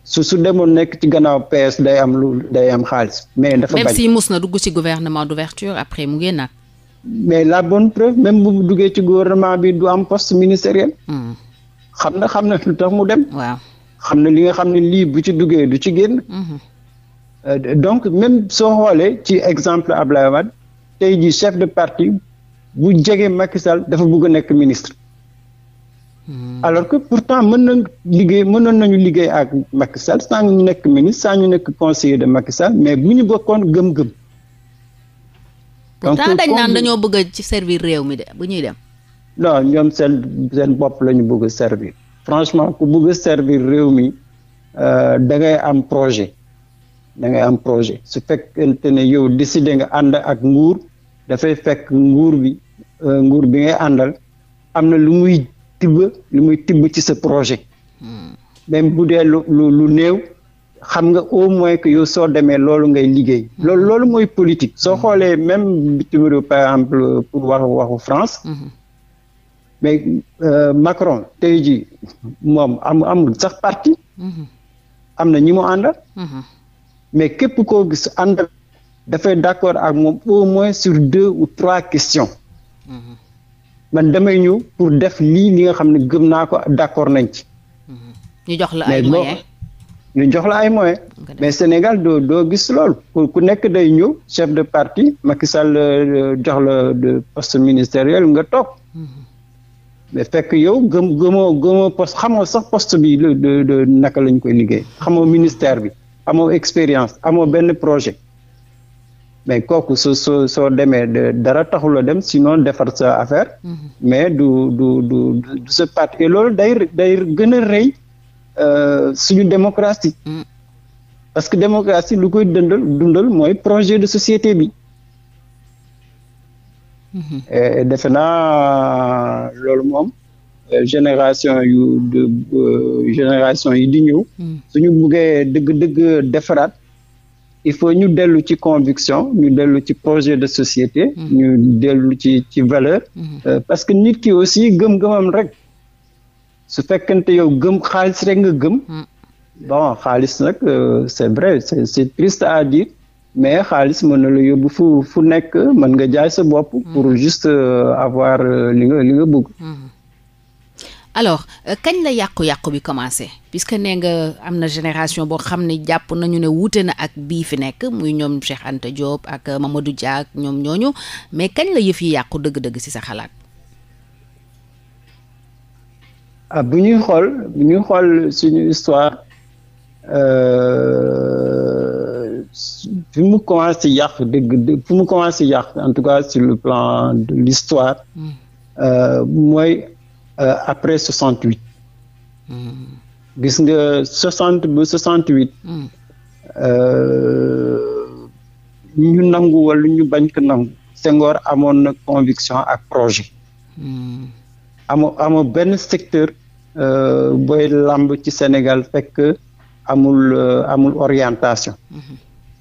su su demoon nekk ci gannaaw PS day am lu day am xaalis mais dafa bañ même si mus na dugg ci gouvernement d'ouverture après mu génnaat mais la bonne preuve même bu duggee ci gouvernement bi du am post ministériel mm-hmm. xam na xam na lu tax mu dem waaw xam na li nga xam ne lii bu ci duggee du ci génn mm-hmm. Euh, donc même soo xoolee ci exemple Ablaye Wade tey jii chef de parti bu jege Macky Sall dafa bëgg a nekk ministre. Hmm. alors que pourtant mën nañ liggéey mënoon nañu liggéey ak Macky Sall sans ñu nekk ministre sans ñu nekk conseiller de Macky Sall mais bu ñu bokkoon gëm-gëm. donc pourtant dañ naan dañoo bëgg a ci servir réew mi de bu ñuy dem. non ñoom seen seen bopp lañu bëgg a servir franchement ku bëgg a servir réew mi euh, da ngay am projet. da ngay am projet su fekkente ne yow décider nga ànd ak nguur dafay fekk nguur bi euh, nguur bi ngay àndal am na lu muy tibb lu muy tibb ci sa projet hmm. même bu dee lu lu néew xam nga au moins que yow soo demee loolu ngay liggéey hmm. loolu loolu mooy politique soo hmm. xoolee même bitim réew par exemple pour waxu waxu France mais euh, Macron te ji moom am sax parti am na ñi mu mais képp koo gis ànd dafay d'accord ak moom au moins sur deux ou trois questions mm-hmm. man damay ñëw pour def lii li nga xam ne gëm naa ko d'accord nañ ci. Mm-hmm. ñu jox la ay moyens ñu jox la ay moyens mais Sénégal doo doo gis loolu ku nekk day ñëw chef de partie Macky Sall euh, jox la de poste ministériel nga toog. Mm-hmm. mais fekk yow gëm gëmoo gëmoo poste xamoo sax post bi de naka lañ koy liggéey xamoo ministère bi. amoo expérience amoo benn projet mais kooku soo soo soo demee dara taxuloo dem si sinon defar sa affaire mm-hmm. mais du du du du se part loolu day day gën a rëy euh, suñu démocratie mm. parce que démocratie lu koy dundal dundal mooy projet de société bi mm-hmm. defe naa loolu moom Euh, génération yu euh, génération yi di ñëw hmm. suñu buggee dëgg-dëgg defaraat il faut ñu dellu ci conviction ñu dellu ci projet de société hmm. ñu dellu ci ci valeur hmm. euh, parce que nit ki aussi gëm-gëmam rek su fekkente yow gëm xaalis rek nga gëm bon xaalis nag c'est vrai c'est c'est triste à dire mais xaalis mën na la yóbbu fu fu nekk mën nga jaay sa bopp pour juste avoir li nga li alors euh, kañ la yàqu-yàqu bi commencé que nee nga am na génération boo xam ne jàpp nañu ne wuute na ak bii fi nekk muy ñoom Cheikh Anta Diop ak euh, Mamadou Dia ak ñoom ñooñu mais kañ la yëf yi yàqu dëgg-dëgg ci sa xalaat. Ah, bu ñuy xool bu ñuy xool suñu histoire euh, fi mu commencé yàq dëgg fi mu commencé yàq en tout cas sur le plan de l'histoire hmm. mooy. Euh, après 68. Hmm. gis nga 60 ba 68. Hmm. Euh, ñu nangu wala ñu bañ ko nangu. Senghor amoon na conviction ak projet. Hmm. amoo amoo benn secteur euh, booy lamb ci Sénégal fekk amul amul orientation.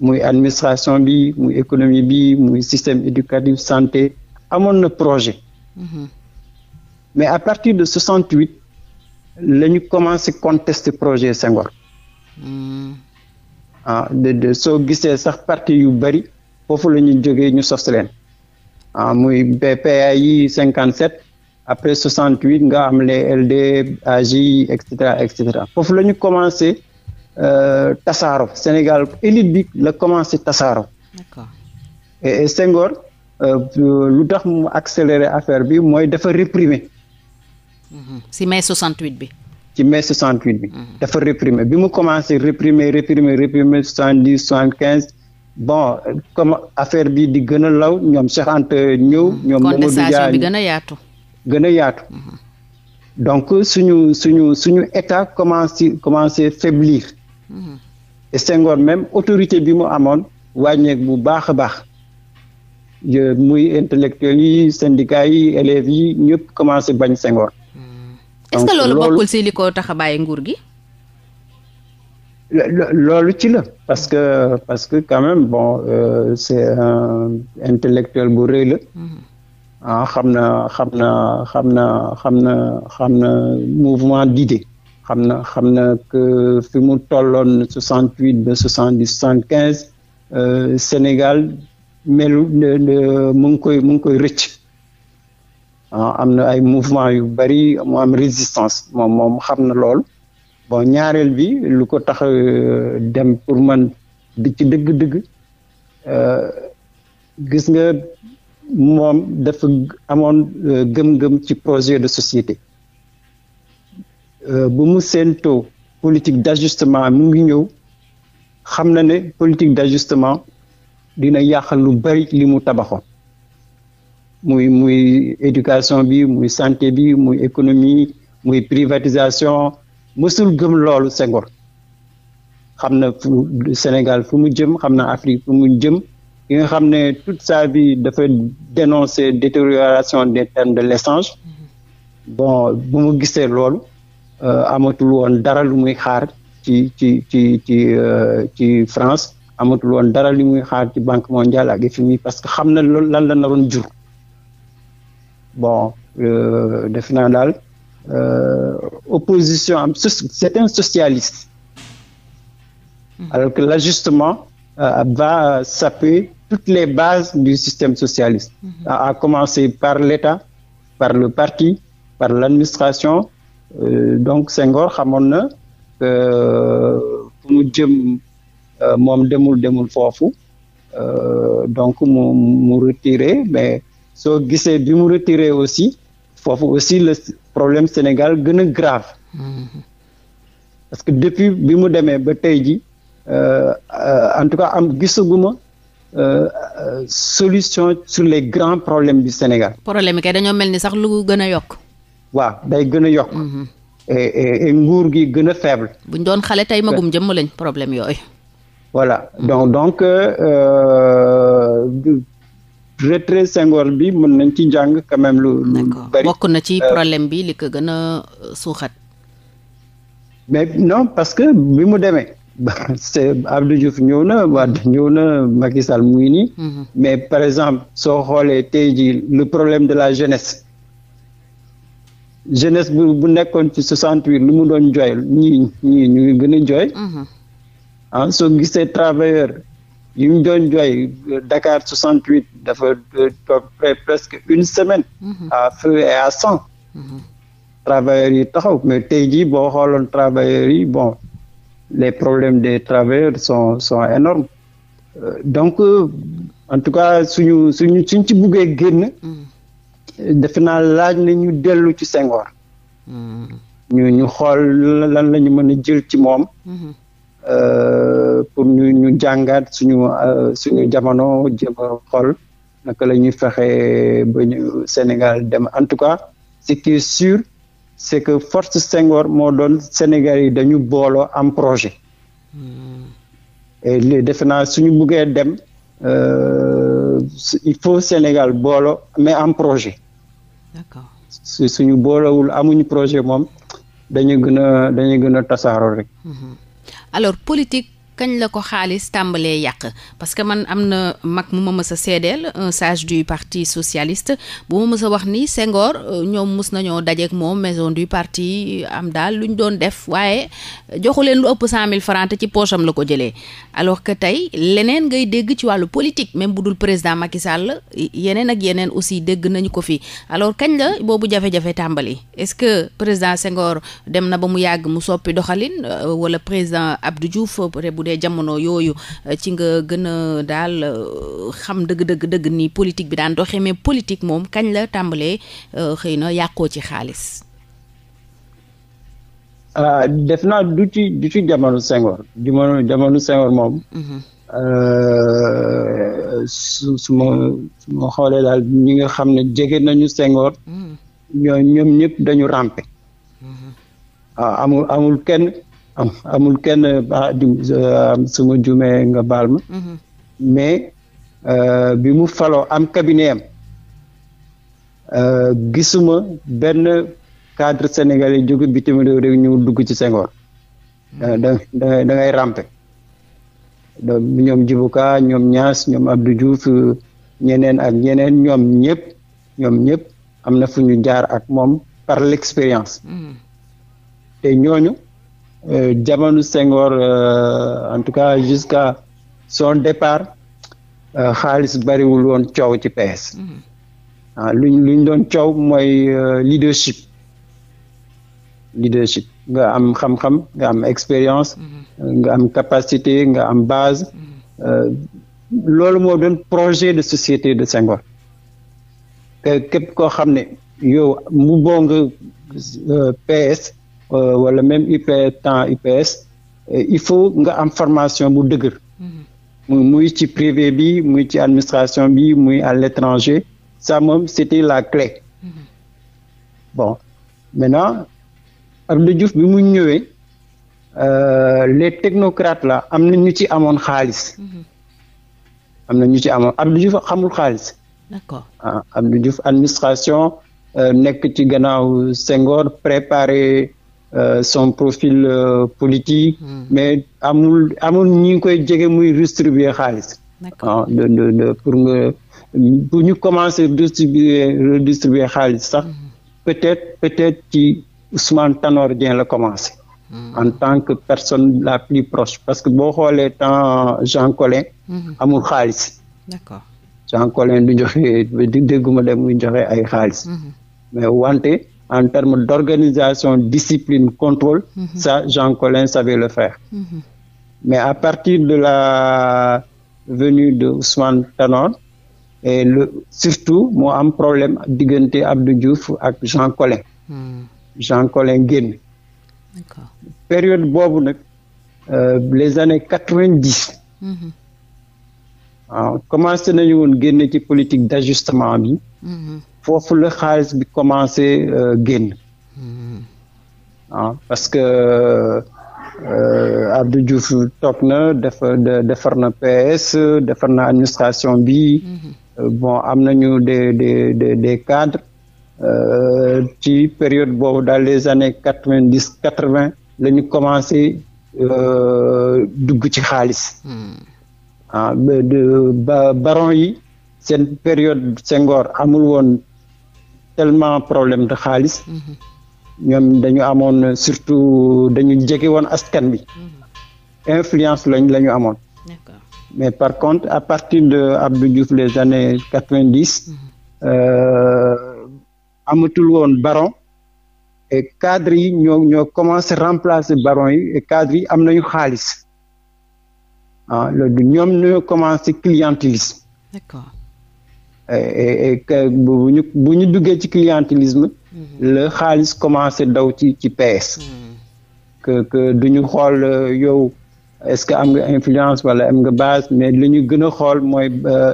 muy administration bi muy économie bi muy système éducatif santé amoon na projet. mais à partir de 68 la ñu commencé contester projet Senghor. Hmm. ah de de soo gisee sax parti yu bëri foofu la ñu jógee ñu sos leen ah muy BPI yi 57 après 68 nga am les LD AJ et cetera et cetera foofu la ñu commencé euh, tasaaro Sénégal élite bi la commencé tasaaro. d'accord et euh, lu tax mu accélérer affaire bi mooy dafa réprimer Mm-hmm. si mai 68 bi. ci mai 68 bi. Mm-hmm. dafa réprimer bi mu commencé réprimer réprimer réprimer 70 quinze bon comme affaire bi di gën a law ñoom Cheikh ñëw. Mm-hmm. ñoom Mamadou Dia bi gën yaatu. gën a yaatu. donc suñu suñu suñu état commencé commencé faiblir. et Senghor même autorité bi mu amoon wàññeek bu baax a baax. muy intellectuels yi syndicats yi élèves yi ñëpp commencé bañ sengoor est-ce que loolu bokkul si li ko tax a nguur gi. loolu ci la parce que parce que quand même bon euh, c'est un intellectuel bu rëy la mm-hmm. ah xam na xam na xam na xam na xam na mouvement d'idées xam na xam na que mu tolloon soixante huit ba soixante dix soixante quinze euh, Sénégal melu mu ngi koy mu ngi koy rëcc Ah, am na ay mouvement yu bari mu am résistance moom moom xam na lool bon ñaareel bi lu ko tax euh, dem pour man di ci dëgg-dëgg euh, gis nga moom dafa amoon euh, gëm-gëm ci projet de société bu mu séentoo politique d'ajustement mu ngi ñëw xam na ne politique d'ajustement dina yàq lu bari li mu tabaxoon muy muy éducation bi muy santé bi muy économie muy privatisation mësul gëm loolu Senghor xam na fu Sénégal fu mu jëm xam na Afrique fu mu jëm yi nga xam ne toute sa vie dafa dénoncer détérioration des termes de l'échange bon bu mu gisee loolu euh, amatul woon dara lu muy xaar ci ci ci ci euh, ci France amatul woon dara lu muy xaar ci Banque mondiale ak FMI parce que xam na loolu lan la naroon jur bon euh, def naa daal euh, opposition am c'est un socialiste hmm. alors que l'ajustement euh, va saper toutes les bases du système socialiste à, hmm. commencé par l'État par le parti par l'administration euh, donc Senghor xamoon na fu mu jëm moom demul demul foofu donc mu mu retiré mais soo gisee bi mu retiré aussi foofu aussi le problème Sénégal gën a grave mm-hmm. parce que depuis bi mu demee ba tey ji euh, en tout cas am gisaguma euh, euh, solution sur les grands problèmes du Sénégal. problème kay dañoo mel ni sax lu gën a yokk. waaw day gën a yokk. Mm-hmm. et nguur gi gën a faible. buñ doon xale tey magum jëmm lañ problème yooyu. voilà mm-hmm. donc donc retrait Senghor bi mën nañ ci jàng quand même lu lu bari bokk na ci euh, problème bi li ko gën a euh, suuxat no parce que bi mu demee [laughs] c'est Abdou Diouf ñëw na Wade ñëw na Macky Sall mu ngi nii mm-hmm. mais par exemple soo xoolee te ji lu problème de la jeunesse jeunesse bu bu nekkoon ci 68 lu mu doon jooy ñii ñii gën a jooy mm-hmm. ah soo gisee travailleur yu ñu doon jooy Dakar 68 dafa euh, toog presque une semaine. Mhm. à feu et à sang. Mhm. travailleurs yi taxaw mais tey jii boo xooloon travailleurs yi bon les problèmes des travailleurs son sont énormes euh, donc euh, en tout cas suñu suñu suñ ci buggee génn. Mhm. defe naa laaj na ñu dellu ci Senghor. ñu ñu xool lan la mën a jël ci moom. Euh, pour ñu ñu jàngaat suñu euh, suñu jamono xol a naka la ñuy fexe ba ñu Sénégal dem en tout cas ce qui est sûr que force Senghor moo doon Sénégal yi dañu booloo am projet et li defe naa suñu buggee dem euh, il faut Sénégal boolo mais en projet d'accord su suñu boolowul amuñu projet moom dañu gën a dañu gën a tasaaroo rek mm-hmm. alors politique kañ la ko xaalis tàmbalee yàq parce que man am na mag mu ma mës a seedeel un sage du parti socialiste bu ma mës a wax ni Senghor euh, ñoom mës nañoo dajeek moom maison du parti euh, am daal lu ñu doon def waaye joxu leen lu ëpp cent mille francs te ci poche am la ko jëlee alors que tey leneen ngay dégg ci wàllu politique même bu dul président Macky Sall yeneen ak yeneen aussi dégg nañu ko fi alors kañ la boobu jafe-jafe tàmbali est-ce que président Senghor dem na ba mu yàgg mu soppi doxalin euh, wala dee jamono yooyu eh, ci nga gën a daal eh, xam dëgg-dëgg dëgg ni politique bi daan doxee mais moom kañ la tàmbalee eh, xëy na yàqoo ci xaalis. ah def naa du ci du ci jamono Senghor jamono jamono Senghor moom. Mhm. su su ma xoolee daal ñi nga xam ne jege nañu Senghor. Mhm. ñoom ñëpp dañu rampe. Mhm. Ah, amul amul kenn am amul kenn ah, ah suma jumee nga baal ma mhm. mais euh, bi mu faloo am cabinet am euh, gisuma benn cadre sénégalais jóge bitim réew rek ñu dugg ci Senghor mhm. euh, da da rampe ñoom Djibuka ñoom Niass ñoom Abdou ñeneen ak ñeneen ñoom ñëpp ñoom ñëpp am na fu ñu jaar ak moom par l'expérience mhm. te ñooñu Euh, jamono Senghor euh, en tout cas jusqu'à son départ euh, xaalis bariwul woon coow ci PS mhm. ah luñ luñ doon coow mooy leadership leadership nga am xam-xam nga am expérience mhm. nga am capacité nga am base mhm. loolu moo doon projet de société de Senghor képp koo xam ne yow mu PS Euh, wala même UP temps UPS euh, il faut nga am formation bu dëgër mhm. muy ci privé bi muy ci administration bi muy à l'étranger ça moom c'était la clé mhm. bon maintenant Abdou Diouf bi mu ñëwee euh, les technocrates là am na ñu ci amoon xaalis mhm. am na ñu ci amoon Abdou Diouf xamul xaalis d'accord ah administration nekk ci gannaaw Senghor préparer Euh, son profil euh, politique. Hmm. mais amul amul ñi ngi koy jege muy distribuer xaalis. d'accord ah, pour nga bu ñu commencer distribuer redistribuer xaalis sax. Hmm. peut-être peut-être ci Ousmane Tanor Dieng la commencé. Hmm. en tant que personne la plus proche parce que boo xoolee temps Jean Collin. amul xaalis. d'accord Jean Collin du joxe dégguma dem muy joxe ay xaalis. mais wante. en termes d'organisation, discipline, contrôle, mm -hmm. ça, Jean Collin savait le faire. Mm Mais à partir de la venue de Ousmane Tanor, et surtout, moo am problème diggante Abdou ak Jean Collin. Mm. Jean Collin génn. période boobu nag euh, les années quatre-vingt-dix. waaw mhm. ah, commencé nañu woon génne ci politique d'ajustement bi. Mhm. foofu la xaalis bi commencé euh, génn hmm. ah, parce que euh, Abdou Diouf toog na defar na PS defar na administration bi hmm. euh, bon am nañu des des des des cadres ci période boobu dans les années quatre vingt dix quatre vingt lañu ñu commencé dugg ci xaalis hmm. ah yi seen période Senghor amul woon tellement problème de xaalis. Mm-hmm. ñoom dañu amoon surtout dañu jege woon askan bi. Mm-hmm. influence lañ lañu amoon. mais par contre à partir de Abdou Diouf les années quatre vingt dix. Mm-hmm. Euh, amatul woon baron. e cadre yi ñoo ñoo commencé remplacer baron yi et cadre yi am nañu xaalis. ah loolu ñoom ñoo commencé clientélisme. d'accord. Eh, eh, eh, bu ñu bu ñu duggee ci clientélisme mm-hmm. la xaalis commencé daw ci ci PS mm-hmm. que du ñu xool yow est-ce que am nga influence wala am nga base mais li ñu gën a xool mooy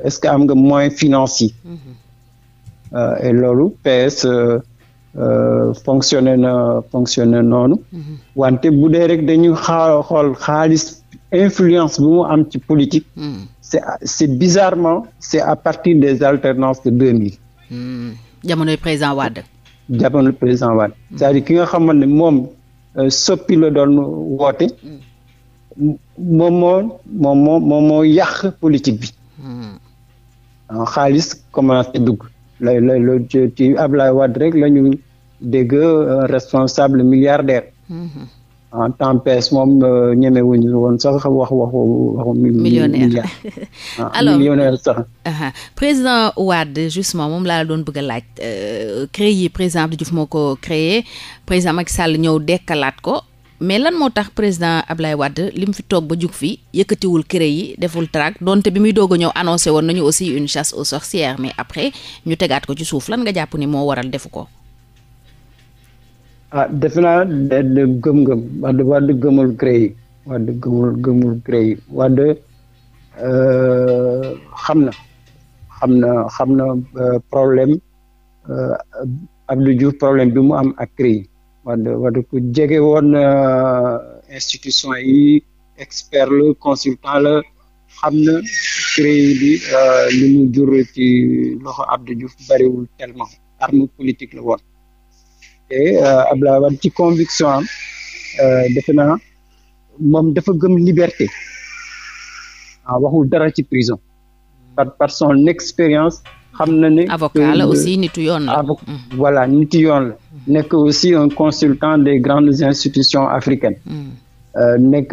est-ce que am nga moyen financier mm-hmm. et loolu PS fonctionné na fonctionné noonu wante bu dee rek dañu xool xaalis influence bu mu am ci politique c'est bizarrement c'est à partir des alternances de 2000. Hmm. jamonoy président Wade. jamono président Wade. Hmm. c'est-à-dire ki nga xamoon ne moom euh, soppi la doon woote. Hmm. moom moo moom moo moom moo yàq politique bi. xaalis commencé dugg. la la la ci Ablaye Wade rek la ñu dégg euh, responsable milliardaire. en temps PS moom euh, ñemewuñ woon sax wax waxu waxu millionnaire [laughs] ah, alors millionnaire sax uh-huh. président Wade justement moom laa la doon bëgg a laaj euh, créé yi président Abdou moo ko créé président Macky Sall ñëw dekkalaat ko mais lan moo tax président Ablaye Wade li mu fi toog ba jug fi yëkkatiwul cré yi deful track donte bi muy doog a ñëw annoncé woon nañu aussi une chasse aux sorcières mais après ñu tegaat ko ci suuf lan nga jàpp ni moo waral defu ko ah defe naa gëm-gëm Wade Wade gëmul CREI Wade gëmul gëmul CREI eh, xam na xam na xam na eh, problème eh, Abdou Diouf problème bi mu am ak CREI Wade Wade ku jege woon institution yi expert la consultant la xam na bi li mu jur ci loxo Abdou Diouf bariwul tellement arme politique la woon te euh, Abdoulaye Wade ci conviction am euh, naa moom dafa gëm liberté ah waxul dara ci prison par par son expérience. xam na ne avocat la aussi nitu yoon la. Mm. voilà nitu la. Mm. nekk aussi un consultant des grandes institutions africaines. Mm. Euh, nekk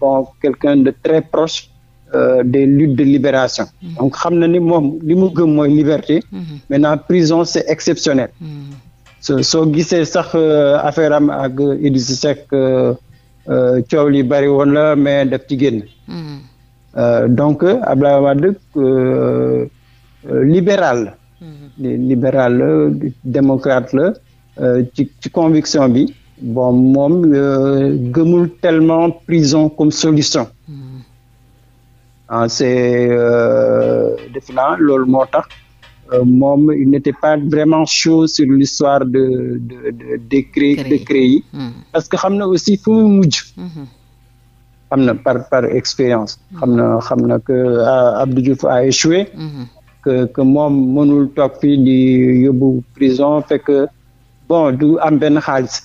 bon quelqu'un de très proche des luttes de libération. donc xam na ni moom li gëm mooy liberté. maintenant prison c'est exceptionnel. soo gisee sax euh, affaire am ak Idrissa Seck euh, euh, coow li bari woon la mais def ci génn. Hmm. donc Abdoulaye Wade libéral la. Hmm. libéral la démocrate la ci ci conviction bi. bon moom gëmul tellement prison comme solution. Hmm. ah c'est defe loolu moo tax. Euh, moom il n'était pas vraiment chaud sur l'histoire de de de de cré de hmm. parce que xam na aussi fu mu mujj. Hmm. xam na par par expérience. xam na hmm. xam na que ah, Abdou Diouf a échoué. que que moom mënul toog fii di yóbbu prison fekk du am benn xaalis.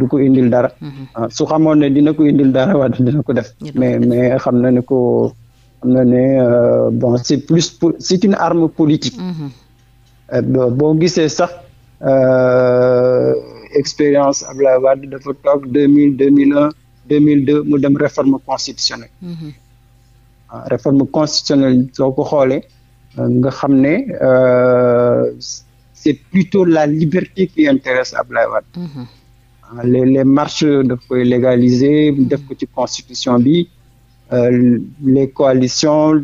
du ko indil dara. Ah, su xamoon ne dina ko indil dara [laughs] wala dina ko def. mais mais xam na ne ko. xam euh, bon c'est plus une arme politique mm-hmm. euh, boo gisee sax euh, expérience Abdoulaye Wade dafa toog deux mille deux mille un mille deux mu dem réforme constitutionnelle mm-hmm. ah, réforme constitutionnelle soo ko xoolee nga xam ne c'est plutôt la liberté qui intéresse Abdoulaye Wade mm-hmm. ah, les les marches daf légaliser def ko ci constitution bi Euh, les coalitions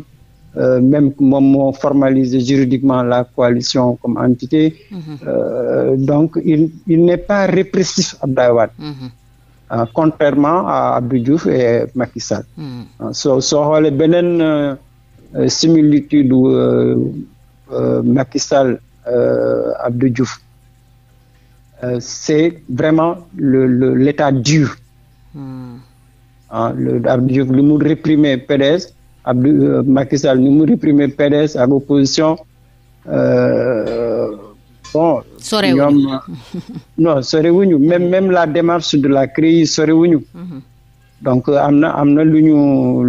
euh, même moom moo formaliser juridiquement la coalition comme entité. Mhm. Euh, donc il il n'est pas répressif Abdoulaye Wade. Mhm. contrairement à Abdou et Macky Sall. Mhm. soo soo xoolee beneen similitude Macky Sall Abdou c'est vraiment le l'état dur. ah le Abdou Diouf li mu réprimer PDS Abdou euh, Macky mu réprimer PDS ak opposition euh, bon. sorewuñu euh, non même même la démarche de la CREI sorewuñu. Mhm. donc am na am na lu ñu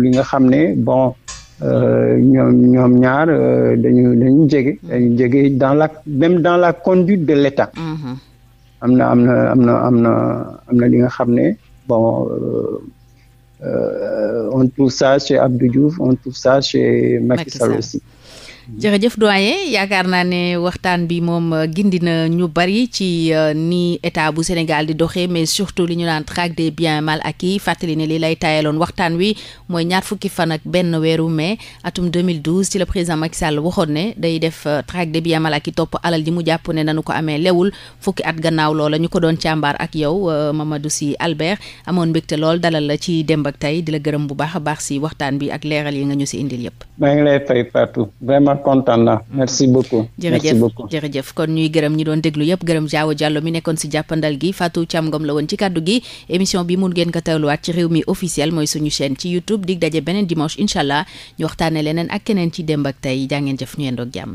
li nga xam ne bon. ñoom ñaar dañu dañu jege dañu jege dans la même dans la conduite de l'État mhm. am na am na am na am na am na li nga xam ne Euh, on trouve ça chez Abdou Diouf, on trouve ça chez Macky jërëjëf doyen yaakaar naa ne waxtaan bi moom euh, gindi na ñu bari ci euh, ni état bu Sénégal di doxee mais surtout li ñu naan traque des biens mal acquis fàttali ne li lay taayaloon waxtaan wi mooy ñaar fukki fan ak benn weeru mais atum 2012 ci la président Macky Sall waxoon ne day def euh, traque des biens mal acquis topp alal ji mu jàpp ne nanu ko amee lewul fukki at gannaaw loola ñu ko doon càmbaar ak yow Mamadou Sy Albert amoon mbégte lool dalal la ci démb ak tey di la gërëm bu baax a baax si waxtaan bi ak leeral yi nga ñu si indil yëpp. naa kontaan naa merci beaucoup. merci beaucoup jërëjëf jërëjëf kon ñuy gërëm ñi doon déglu yëpp gërëm Jaawo Diallo mi nekkoon si jàppandal gi Fatou Thiam Ngom la woon ci kàddu gi émission bi mun ngeen ko teewluwaat ci réew mi officiel mooy suñu seen ci YouTube dig daje beneen dimanche incha allah ñu waxtaane leneen ak keneen ci démb ak tey jaa ngeen jëf ñu yendoog jàmm